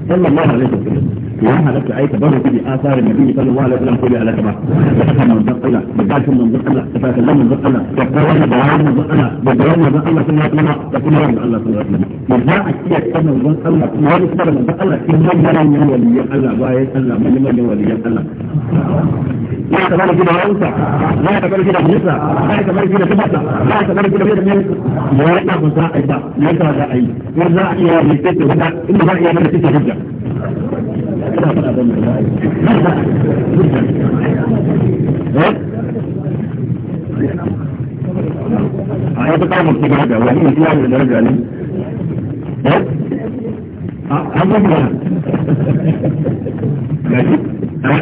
Speaker 1: sallallahu alaihi wasallam ya halatta ai ta bari bi asar nabi sallallahu alaihi wasallam ko bi alaka ba
Speaker 2: ta kana manzon Allah da gashin manzon Allah da ta kallon manzon Allah da kawai da bayan manzon Allah da bayan manzon Allah sun ya da kuma manzon Allah sun ya kuma da a kiyar ta manzon Allah kuma wani kuma
Speaker 1: manzon Allah kin nan yana yin waliyan Allah bayan Allah mun mun waliyan Allah ya ta bari da wansa ya ta bari da musa ya ta bari da tabata ya ta bari da mai ya ta ba za a yi ba ya ta za a yi ya za a iya ne sai ta ba za a iya ne sai
Speaker 2: ta a ya da daraja ne an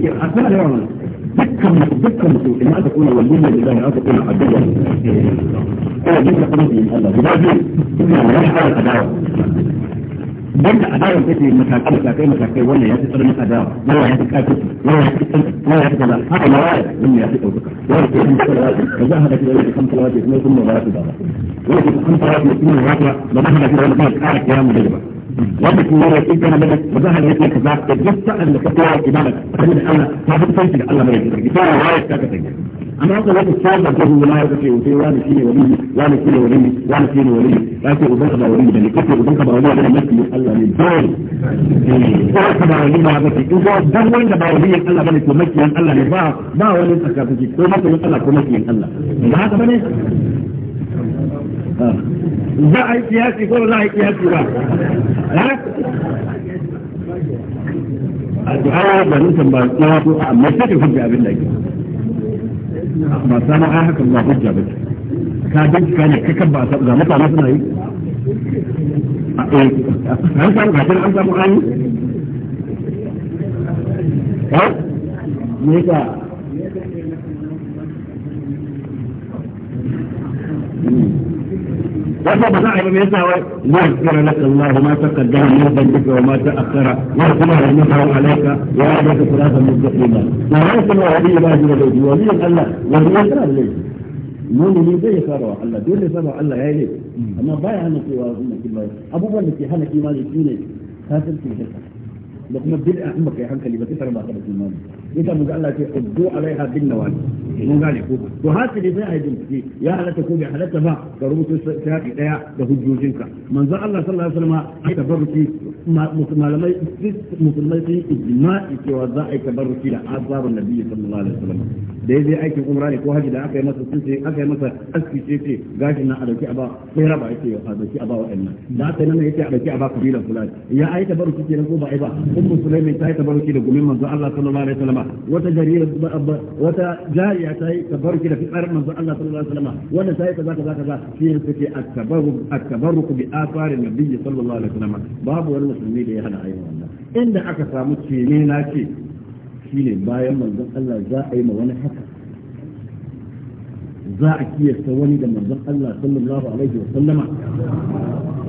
Speaker 2: yi ذكر ذكر مسؤول ما تكون وليا لله ما تكون عبدا
Speaker 1: أنا جيت قريب من الله بلادي إنها لا يحال الأداوة بنت أداوة تأتي مشاكل مشاكل مشاكل ولا يأتي طريق أداوة ولا يأتي كاتب
Speaker 2: ولا يأتي ولا يأتي كذا هذا مرايا لم يأتي أو ذكر ولا يأتي خمس صلوات وذهبت إلى التي خمس صلوات اثنين ثم مرات دارة ولا يأتي خمس صلوات اثنين مرات وذهبت إلى التي قالت يا مجربة
Speaker 1: وانك مرة إذا أنا بدك وظهر يتنا كذا تتوسع اللي كتوع الإمامة فقال أنا ما بتنسي لألا مريد كتوع رواية كتاكتين أنا أقول لك الصادة جهو لا يتكي وفي وانا كيني ولي وانا كيني ولي وانا كيني ولي لكن أبنك بأولي بني كتو أبنك بأولي أنا مسلم الله من دول أبنك بأولي ما بكي إذا دول بأولي الله بني كمكيان الله لبا ما ولي أكاكي كمكيان الله كمكيان الله هذا بني za a yi kiyasi ko za a yi kiyasi ba
Speaker 2: a ba ba hujja abin da ke ba sana a ba hujja ba
Speaker 1: ka ne ba ga mutane suna yi
Speaker 2: eh, an an samu an وصف صاحب
Speaker 1: من يسعى ويذكر لك الله ما تقدم من ذنبك وما تأخر ويقول الله المصر عليك ويعدك صلاة المستقيمة فهذا هو ولي الله لديه ولي الله ولي الله لديه من اللي بيه صاروا على الله دول صاروا على الله هاي أما بايع هنا في واضح أبو بلد في حالك ما لديه هاتل في حالك da kuma bid'a in baka yi hankali ba sai sarba ka da imani yasa mu Allah ce uddu alaiha bin nawali mun gane ko to haka ne sai a yi bincike ya halatta ko bai halatta ba ka rubuta shafi daya da hujjojinka manzon Allah sallallahu alaihi wasallam ai tabarruki malamai musulmai sun ijma'i cewa za a yi tabarruki da azabun nabi sallallahu alaihi wasallam da ya je aikin umra ne ko haji da aka yi masa sun ce aka yi masa aski ce ce gashin na a dauki a ba sai raba yake a dauki a ba wa'annan da aka yi nan yake a dauki a ba kabilan fulani ya aika baruki ke ko ba ai ba ummu sulaiman ta yi tabaruki da gumin manzo Allah sallallahu alaihi wasallam wata jarira wata jariya ta yi tabaruki da fitsarin manzo Allah sallallahu alaihi wasallam wanda ta yi kaza kaza kaza shi ne suke at-tabarruk at-tabarruk bi afarin nabiyyi sallallahu alaihi wasallam babu wani musulmi da ya hana ayyuka inda aka samu cene na ce shine bayan manzon Allah za a yi ma wani haka za a kiyasta wani da manzon Allah sallallahu alaihi wa sallama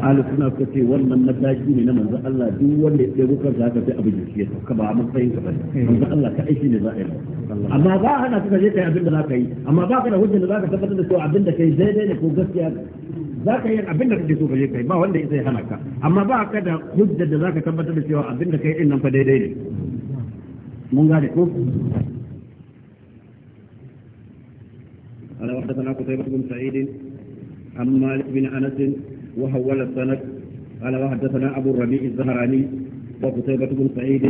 Speaker 1: ahli suna suka ce wannan mataki ne na manzon Allah duk wanda ya tsero za ka sai abin ya sauka ba a matsayin ka bane manzon Allah ka aiki ne za a yi amma ba hana ka je kai abin da za ka yi amma ba ka da hujja da za ka tabbatar da cewa abin da kai daidai ne ko gaskiya za ka yi abin da kake so ka je kai ba wanda zai hana ka amma ba ka da hujja da za ka tabbatar da cewa abin da kai din nan fa daidai ne mun قال ko قال وحدثنا قتيبة بن سعيد عن مالك بن أنس وهول السند قال وحدثنا أبو الربيع الزهراني وقتيبة بن سعيد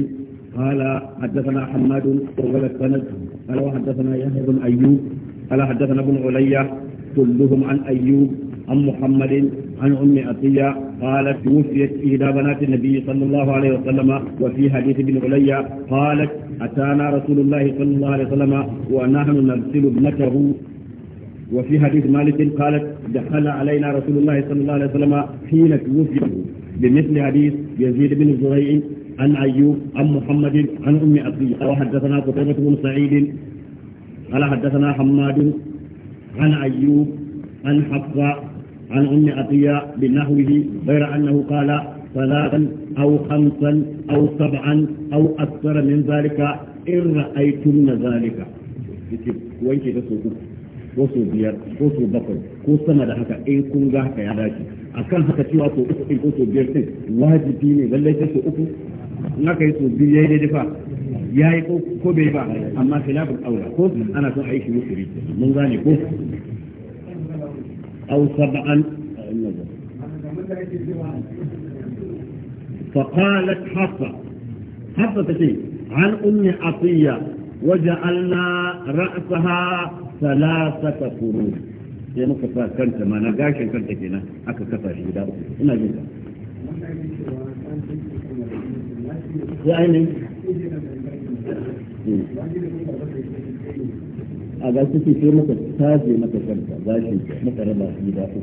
Speaker 1: قال حدثنا حماد وهول السند قال وحدثنا يحيى بن أيوب قال حدثنا ابن عليا كلهم عن أيوب عن محمد عن أم أطية قالت توفيت إحدى بنات النبي صلى الله عليه وسلم وفي حديث ابن علي قالت أتانا رسول الله صلى الله عليه وسلم ونحن نرسل ابنته وفي حديث مالك قالت دخل علينا رسول الله صلى الله عليه وسلم حين توفيه بمثل حديث يزيد بن زريع عن أيوب عن محمد عن أم أطية وحدثنا قتيبة بن سعيد قال حدثنا حماد عن أيوب عن حفصة عن أم عطية بنهوه غير أنه قال ثلاثا أو خمسا أو سبعا أو أكثر من ذلك إن رأيتن ذلك وين كده سوكو وسو بيار وسو بقر كوسما ده حكا إن كون غا حكا يداشي أكان حكا تيوا سو أكو إن كوسو بيار سي واحد تيني بلاي تسو أكو ناكا يسو بيار دفا يا يكو كو بيبا أما خلاف الأولى كوس أنا سو عيش مصري منغاني كوس أو سبعا فقالت حفصة حفصة تشي عن أم عطية وجعلنا رأسها ثلاثة قرون sai muka sa kanta ma na gashin kanta kenan aka kasa shi gida uku ina jin
Speaker 2: ka ainihin
Speaker 1: a ga suke sai muka taje maka kanta gashi muka raba shi da ku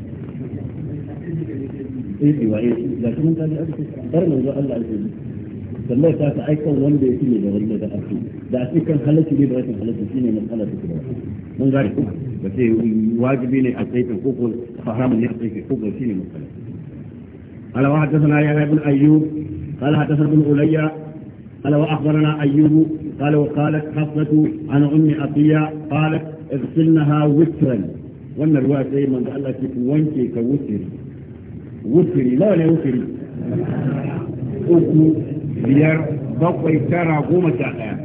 Speaker 1: sai bi waye da kuma ta da aka bar manzo Allah ya yi sannan ta ta aikan wanda ya ne da wanda da aka da ake kan halacci ne da rashin halacci shine matsalar da kuma mun gari ku ba sai wajibi ne a tsaye ko ko haramun ne a tsaye ko ko shine matsalar قال وحدثنا يحيى بن ايوب قال حدثنا ابن علي قال واخبرنا ايوب قال وقالت حفصة عن أم عطية قالت اغسلنها وترا وأن الرواية زي ما قال لك وانكي كوتري وتري لا ولا وتري أكو بيار بقوي ترى قومة أخيان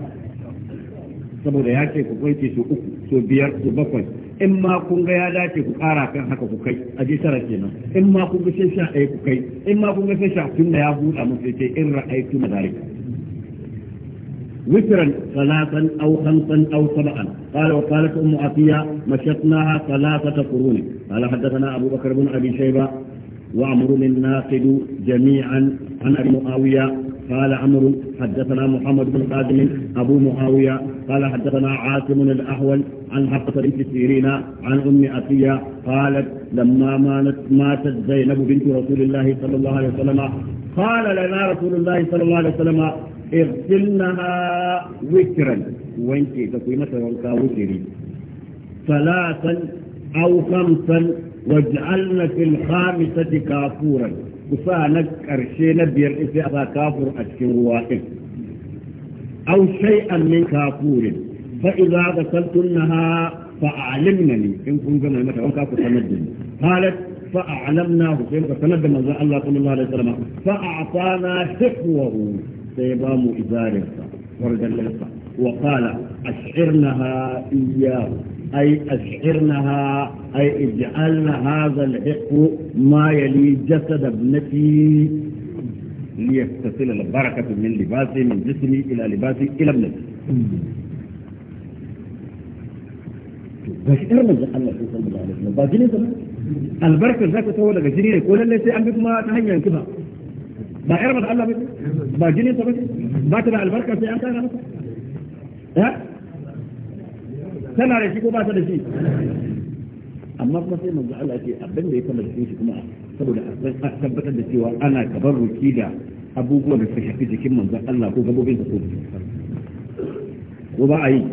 Speaker 1: saboda ya ce ku kwanke su uku su biyar su bakwai in ma kun ya dace ku kara kan haka ku kai a tara kenan in ma kun ga sai sha ɗaya ku kai in ma kun ga ya buɗa musu in ra'aytu madalika وترا ثلاثا أو خمسا أو سبعا قال وقالت أم عطية مشطناها ثلاثة قرون قال حدثنا أبو بكر بن أبي شيبة وعمر الناقد جميعا عن أبي معاوية قال عمر حدثنا محمد بن قادم أبو معاوية قال حدثنا عاصم الأحول عن حق بنت سيرين عن أم أتية قالت لما ماتت, ماتت زينب بنت رسول الله صلى الله عليه وسلم قال لنا رسول الله صلى الله عليه وسلم ارسلنها وكرا وانت وانكي تكوي مثلا وانكا وتري ثلاثا أو خمسا واجعلنا في الخامسة كافورا كفانا كرشينا بيرئيسي أبا كافر أشكر واحد أو شيئا من كافور فإذا غسلتنها فأعلمنني إن كنت مثلا وانكا فتمدني قالت فأعلمناه سيبقى تندم الله صلى الله عليه وسلم فأعطانا سحوه سيبام إزار ورد وقال أشعرنها إياه أي أشعرنها أي اجعلنا هذا العق ما يلي جسد ابنتي ليتصل البركة من لباسي من جسمي إلى لباسي إلى ابنتي بشعر من الله صلى الله عليه وسلم البركة ذاك تولى جسرين يقول لي عندك ما تهيئ كذا ba yar mata Allah bace ba jinin ta bace ba ta da albarka sai an kana mata eh tana da shi ko ba ta da shi amma kuma sai manzo Allah ce abin da ya kama da shi kuma saboda a tabbatar da cewa ana kabar ruki da abubuwan da suka shafi jikin manzo Allah ko gabobin sa ko ko ba a yi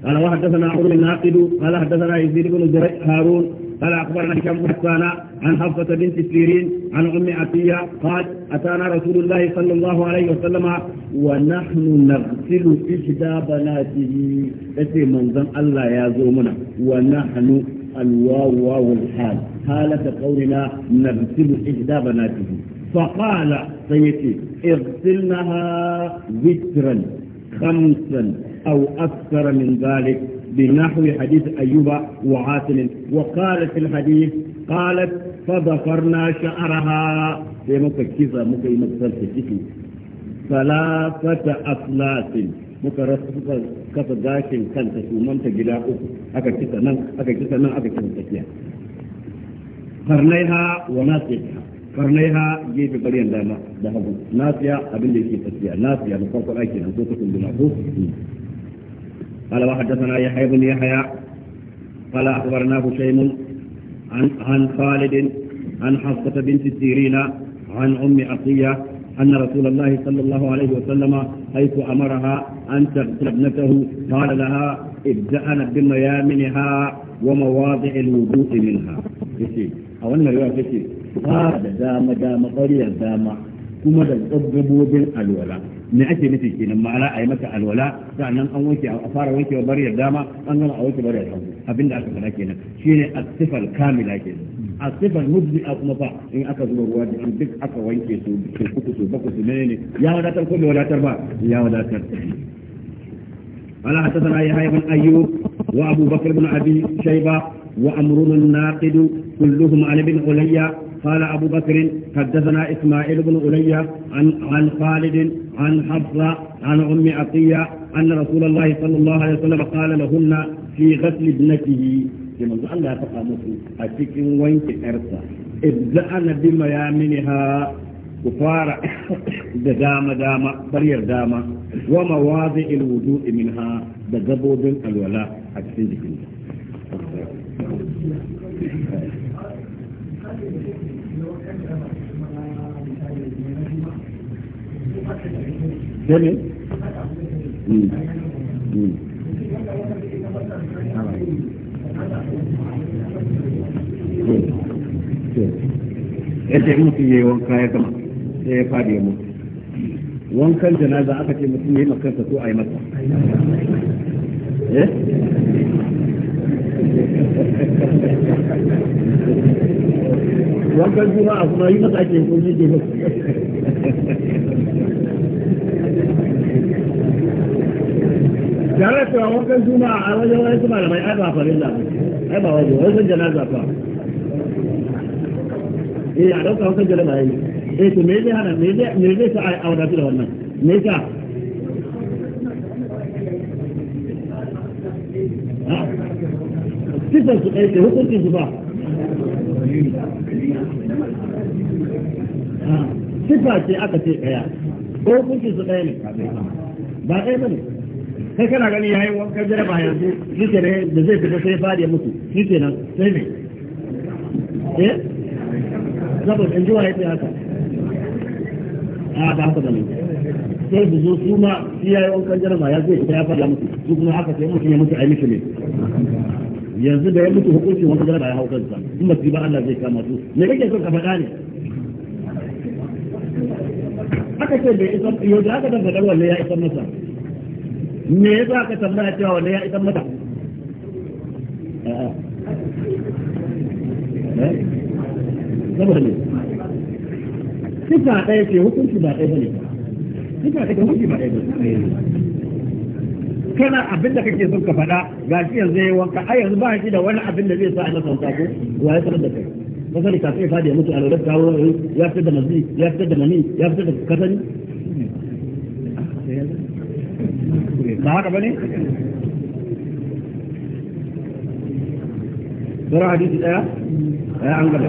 Speaker 1: قال وحدثنا عمرو بن ناقد قال حدثنا يزيد بن هارون قال أخبرنا هشام بن حسان عن حفصة بنت سيرين عن أم عطية قال أتانا رسول الله صلى الله عليه وسلم ونحن نغسل إحدى بناته يتي منظم الله يا زومنا ونحن الواو واو الحال حالة قولنا نغسل إحدى بناته فقال سيدي اغسلنها ذكرا خمسا أو أكثر من ذلك بنحو حديث أيوب وعاتل وقالت في الحديث قالت فضفرنا شعرها في مكيزة ثلاثة مكيزة مكي مكسر في كيكي ثلاثة أفلاس مكرسكة كفداش كان تسومن تجلاء أكا كيسا من أكا كيسا من أكا كيسا تكيا قرنيها وناسيها قرنيها جيب بريان داما دهبو ناسيا أبن ليكي تسيا ناسيا نفاق الأيكي نفاق الأيكي نفاق الأيكي قال وحدثنا يحيى بن يحيى قال أخبرنا هشيم عن عن خالد عن حصة بنت السيرين عن أم عطية أن رسول الله صلى الله عليه وسلم حيث أمرها أن تغسل ابنته قال لها ابدأنا بميامنها ومواضع الوضوء منها أو أن الرواية تشي قال دام دام قرية دام كما تقببوا بالألولا ne ake nufi kenan ma'ana a yi mata alwala sa'annan an wanke a fara wanke wa bariyar dama an gama a wanke bariyar abin da aka fara kenan shine asifal kamila kenan asifal mudzi a kuma fa in aka zuba ruwa da an duk aka wanke su su kuku su baku su menene ya wadatar ko bai wadatar ba ya wadatar قال حدثنا يحيى بن ايوب وابو بكر بن ابي شيبه وامر الناقد كلهم عن ابن علي قال ابو بكر حدثنا اسماعيل بن علي عن عن خالد عن حفصة عن أم عطية أن رسول الله صلى الله عليه وسلم قال لهن في غسل ابنته كما الله تقامت أتكن وين تأرسى إبزأنا بميامنها كفارة <coughs> دام دام برير دام ومواضع الوجوء منها بزبود الولاء أكسين ذكرها sai yadda in mutum ya yi wanka ya gama sai ya fadi ya mutu wankan janaza aka ce mutum ya yi makansa ko a yi masa eh? wankan juma'a kuma yi masa ake ko ke masa tare da wankan juma a wajen wani ai ba wajen wajen janaza fa
Speaker 2: eh, a
Speaker 1: eh, to me zai hana me zai sa a wadatu da wannan me
Speaker 2: su ce
Speaker 1: su ba sifa ce aka ce ɗaya ko hukuncin su ɗaya ne ba ɗaya ba ne sai kana gani yi wankan jaraba yanzu nike ne da zai fita sai fadi mutu nike nan sai ne eh zaba in ji wa fi haka
Speaker 2: a
Speaker 1: ah, ba haka ne sai bu zo su ma shi yi wankan jaraba ya zai fita ya fadi mutu su kuma haka sai mutu ya mutu a yi mutu ne yanzu da ya mutu hukuncin wankan jaraba ya hau kansa in ba ba Allah zai kama su me kake son ka faɗa ne
Speaker 2: haka ce bai isa yau da
Speaker 1: haka dan faɗar wanne ya isa masa me yasa ka tambaya cewa wanda ya idan mata
Speaker 2: eh? saboda ne
Speaker 1: kisa ɗaya ce hukunci ba ɗaya bane kisa ɗaya hukunci ba
Speaker 2: ɗaya bane
Speaker 1: kana abin da kake son ka faɗa ga shi yanzu yayi wanka ai yanzu ba shi da wani abin da zai sa a masa ko wa ya sanar da kai kasani ka sai fadi ya mutu a lura ta ya fitar da mazi ya fitar da mani ya fitar da kasani ba haka bane Zara hadisi ɗaya? Ya an gaba.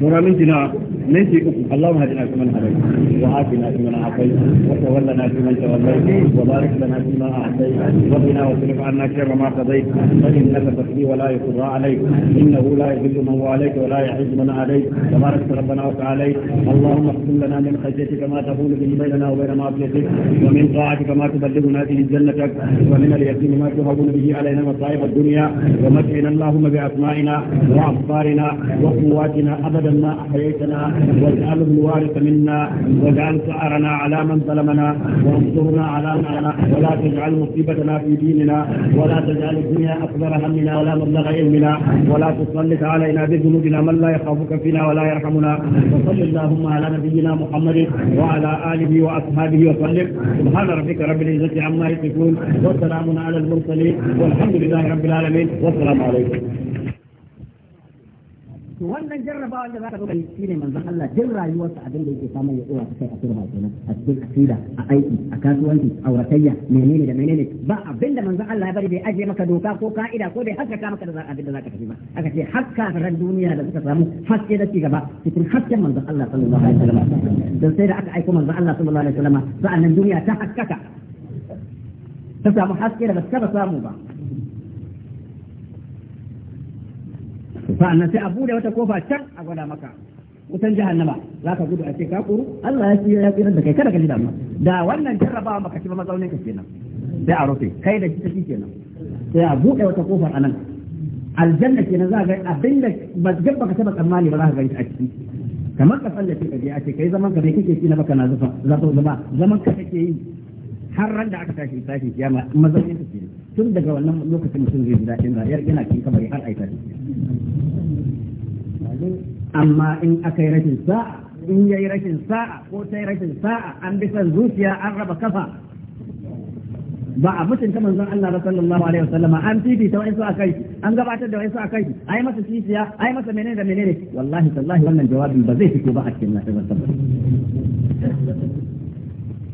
Speaker 1: Zara minti na من في اللهم هدنا فيمن هديت وعافنا فيمن عافيت وتولنا فيمن توليت وبارك لنا فيما أعطيت وقنا واصرف عنا شر ما قضيت فإنك تقضي ولا يقضى عليك إنه لا يذل من هو عليك ولا يعز من عليك تبارك ربنا وتعالى اللهم اغفر لنا من خشيتك ما تقول به بيننا وبين معصيتك ومن طاعتك ما تبلغنا به جنتك ومن اليقين ما تهون به علينا مصائب الدنيا ومتعنا اللهم بأسمائنا وأبصارنا وقواتنا أبدا ما أحييتنا واجعل الوارث منا واجعل ثأرنا على من ظلمنا وانصرنا على من ولا تجعل مصيبتنا في ديننا ولا تجعل الدنيا أكبر همنا ولا مبلغ علمنا ولا تسلط علينا بذنوبنا من لا يخافك فينا ولا يرحمنا وصل اللهم على نبينا محمد وعلى آله وأصحابه وسلم سبحان ربك رب العزة عما يصفون وسلام على المرسلين والحمد لله رب العالمين والسلام عليكم to wannan jarrabawa da zaka zo shi ne manzon Allah jin rayuwarsa abin da yake samun ya tsora kai a turba kenan a cikin asida a aiki a kasuwanci a auratayya menene da menene ba abin da manzon Allah ya bari bai aje maka doka ko ka'ida ko bai haka maka da abin da zaka tafi ba aka ce hakka ran duniya da suka samu haske da ci gaba cikin hasken manzon Allah sallallahu alaihi wasallam dan sai da aka aika manzon Allah sallallahu alaihi wasallam sa'annan duniya ta haskaka ta samu haske da ba ta samu ba sa'annan sai a bude wata kofa can a gwada maka wutan jahannama za ka gudu a ce ka kuru Allah ya ce ya tsira da kai kada ka ji damuwa da wannan jarrabawa maka ci ba mazaunin ka kenan sai a rufe kai da shi kenan sai a bude wata kofar anan aljanna kenan za ga da mazgab baka taba tsammani ba za ka gani a ciki kamar ka sallace ka je a ce kai zaman ka bai kake ci na baka na zufa zama zaman ka kake yi har ran da aka tashi tashi kiyama mazaunin ka kenan tun daga wannan lokacin mutum zai ji daɗin rayuwar yana kin kamar har aika amma in aka yi rashin sa'a in yayi rashin sa'a ko ta yi rashin sa'a an bi san zuciya an raba kafa ba a mutunta manzon Allah ba sallallahu alaihi wasallam an titi wani wa'insu a kai an gabatar da wa'insu a kai ai masa titiya ai masa menene da menene wallahi tallahi wannan jawabin ba zai fito ba a cikin nasarar sabar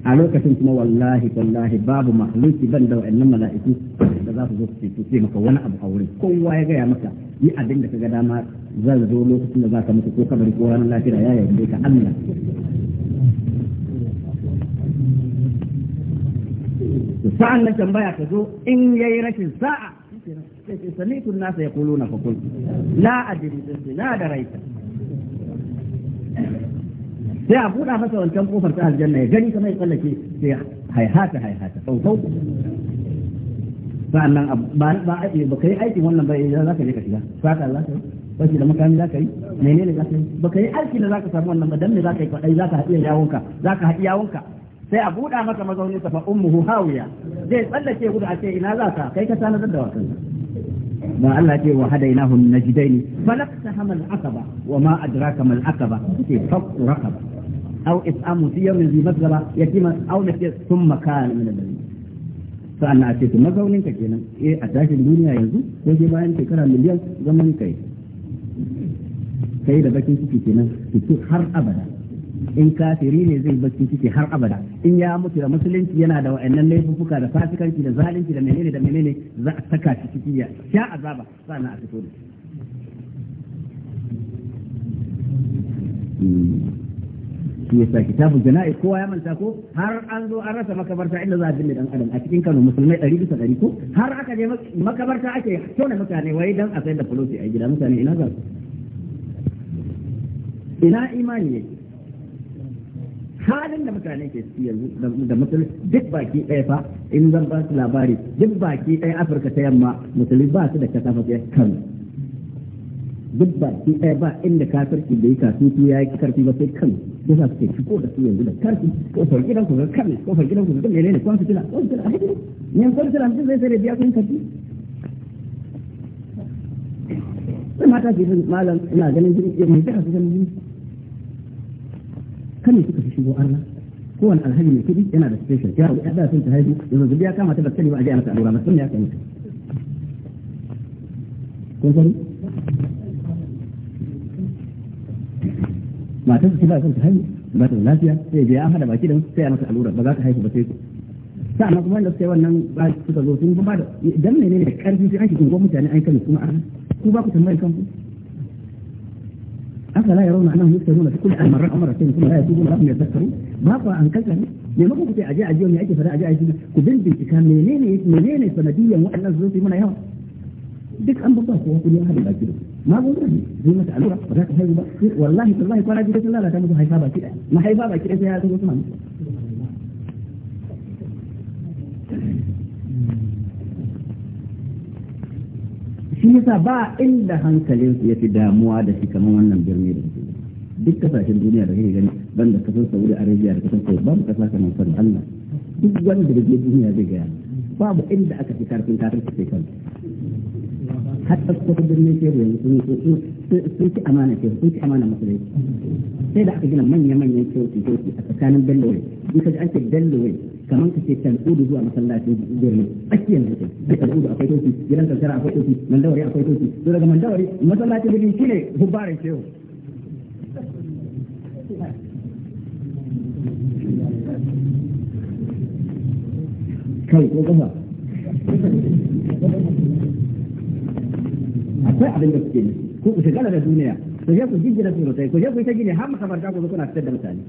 Speaker 1: a lokacin kuma wallahi wallahi babu makhluki ban da wa'annan mala'iku da za su zo su fito sai maka wani abu a wurin kowa ya gaya maka yi abin da ka ga dama zan zo lokacin da za ka mutu ko kamar ko ranar lafiya ya yarda ka amina sa'an nan tambaya ka zo in yayi rashin sa'a sai ce sami'tu nasa kulo na qul la adri na da raita sai a buɗa masa wancan kofar ta aljanna ya gani kamar ya tsallake sai haihata haihata sau sa'an nan ba ba yi aikin wannan ba za ka je ka shiga saka Allah ka baki da makami za ka yi menene za ka yi Ba ka yi aiki da za ka samu wannan ba dan me za ka yi kwadai za ka haɗiya yawonka za ka haɗi yawonka sai a buɗa maka mazaunin sa fa ummuhu hawiya zai tsallake gudu a ce ina za ka kai ka tanadar da wasan ba Allah ce wa hadainahu najdaini falaqtaha mal aqaba wa ma adraka mal aqaba ce fakku raqaba aw is'amu fi yawmin zi masgaba yatima aw nafiyat thumma kana min al-dalil sa'an a ce to mazaunin ka kenan eh a tashin duniya yanzu sai bayan shekara miliyan zaman kai kai da bakin ciki kenan fito har abada in kafiri ne zai bakin ciki har abada in ya mutu da musulunci yana da wa'annan laifuka da fasikanci da zalunci da menene da menene za a saka shi ciki ya sha azaba sannan a fito da shi hmm. yasa kitabul jana'i kowa ya manta ko har an zo an rasa makabarta inda za a binne dan adam a cikin Kano musulmai ɗari bisa ɗari ko har aka je makabarta ake tona mutane wai dan a sayar da fulofi a gida mutane ina za su ina imani ne halin da mutane ke ciki yanzu da musulmi duk baki ɗaya fa in zan ba su labari duk baki ɗaya afirka ta yamma musulmi ba su da kasa fa ta kan duk baki ɗaya ba inda kafirci da ya kasu su ya yi karfi ba sai kan ya za su ke shigo da su yanzu da karfi ko fa gidan ku ga kano ko fa gidan ku ga mene ne kwan fitila kwan fitila a ne yan kwan fitila mutum zai sai da biya kun karfi. sai mata ke malam ina ganin jirgin mai da su ganin jirgin kan suka fi shigo arna kowane alhaji mai kudi yana da special ya ya da sun ta haihu yanzu zubiya kama ta ba ba a ji a mata ba sun ya kai kun sani matar su ba sun ta haihu ba ta lafiya sai je an hada baki da sai a mata allura ba za ta haihu ba sai sa'an kuma wanda suka yi wannan ba suka zo sun ba da dan menene ne karfi sai an shi kun mutane an kai kuma arna ku ba ku tambayar kanku افلا يرون انهم يفتنون في كل عام آية مره او مرتين ثم لا يتوبون لهم يذكرون بابا ان كذا يا ما كنت اجي اجي يوم يجي فلا اجي اجي كبن بنت كان منين منين سنديا وانا زوجي من يوم ديك ام بابا هو كل هذا الاجر ما بقول لك زي ما تعلم والله والله قال اجي لا لا كان هاي بابا كده ما هاي بابا كده في هذا الزمان shi yasa ba inda hankalin su yake damuwa da shi kamar wannan birni da shi duk kasashen duniya da kake gani ban da kasar Saudi Arabia da kasar Saudi babu kasa kamar san Allah duk wanda da ke duniya zai gaya babu inda aka fi karfin kafin sai kan har ɗauko birnin shehu yanzu sun ci amana shehu sun ci amana musulunci sai da aka gina manya-manyan kyautu kyautu a tsakanin bellowe in ka ji an ce bellowe kamar ka ce udu zuwa masallacin birni yanzu mutum da udu akwai toki gidan kankara akwai toki mandawari akwai toki to daga mandawari masallacin birni shi ne hubbarin shehu
Speaker 2: kai ko kafa akwai abin
Speaker 1: da kuke nufi ko ku shigala da duniya ku je ku jijjira surutai ku je ku yi ta gini har makabarta ku kuna fitar da mutane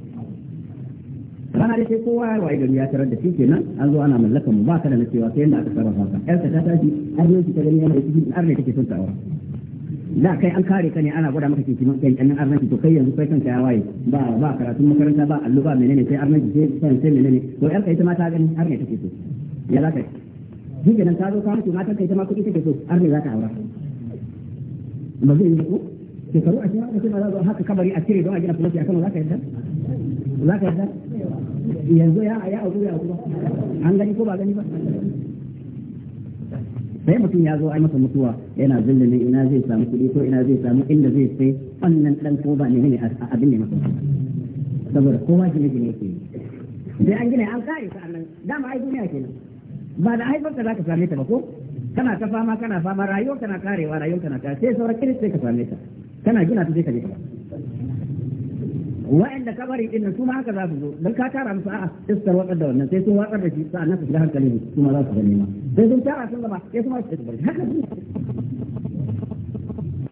Speaker 1: rana da ke kowa ya waye gari ya tarar da shi kenan an zo ana mallaka mu ba ka da cewa sai yanda aka sarrafa ka yar ta tashi har ne ta gani yana da cikin arne take son tawa da kai an kare ka ne ana gwada maka cikin kan kan arnaki to kai yanzu kai kanka ya waye ba ba karatun makaranta ba allo ba menene sai arnaki sai san sai menene to yar kai ta ma ta gani arne take so ya za ka yi nan ta zo ka mutu matan kai ta ma kuɗi take so arne za ka aura ba zai yi ku shekaru a cikin mutum za haka kabari a cire don a gina fulasi a kano za ka yarda? za ka yarda? yanzu ya ya abu ya abu an gani ko ba gani ba sai mutum ya zo ai masa mutuwa yana zillin ina zai samu kuɗi ko ina zai samu inda zai sai wannan dan ko ba ne ne abin ne masa saboda kowa gine gine yake sai an gina an kare sa'annan dama ai duniya kenan ba da haifar ka za ka same ta ba ko kana ta fama kana fama rayuwar kana karewa rayuwar kana ta sai sauran kiris sai ka same ta kana gina ta sai ka je ka wa'anda kabari din su ma haka za su zo dan ka tara musu a'a iskar watsar da wannan sai sun watsar da shi sa'an nan su da hankali su ma za su gani ma
Speaker 2: sai sun tara sun gaba sai su ma su bari haka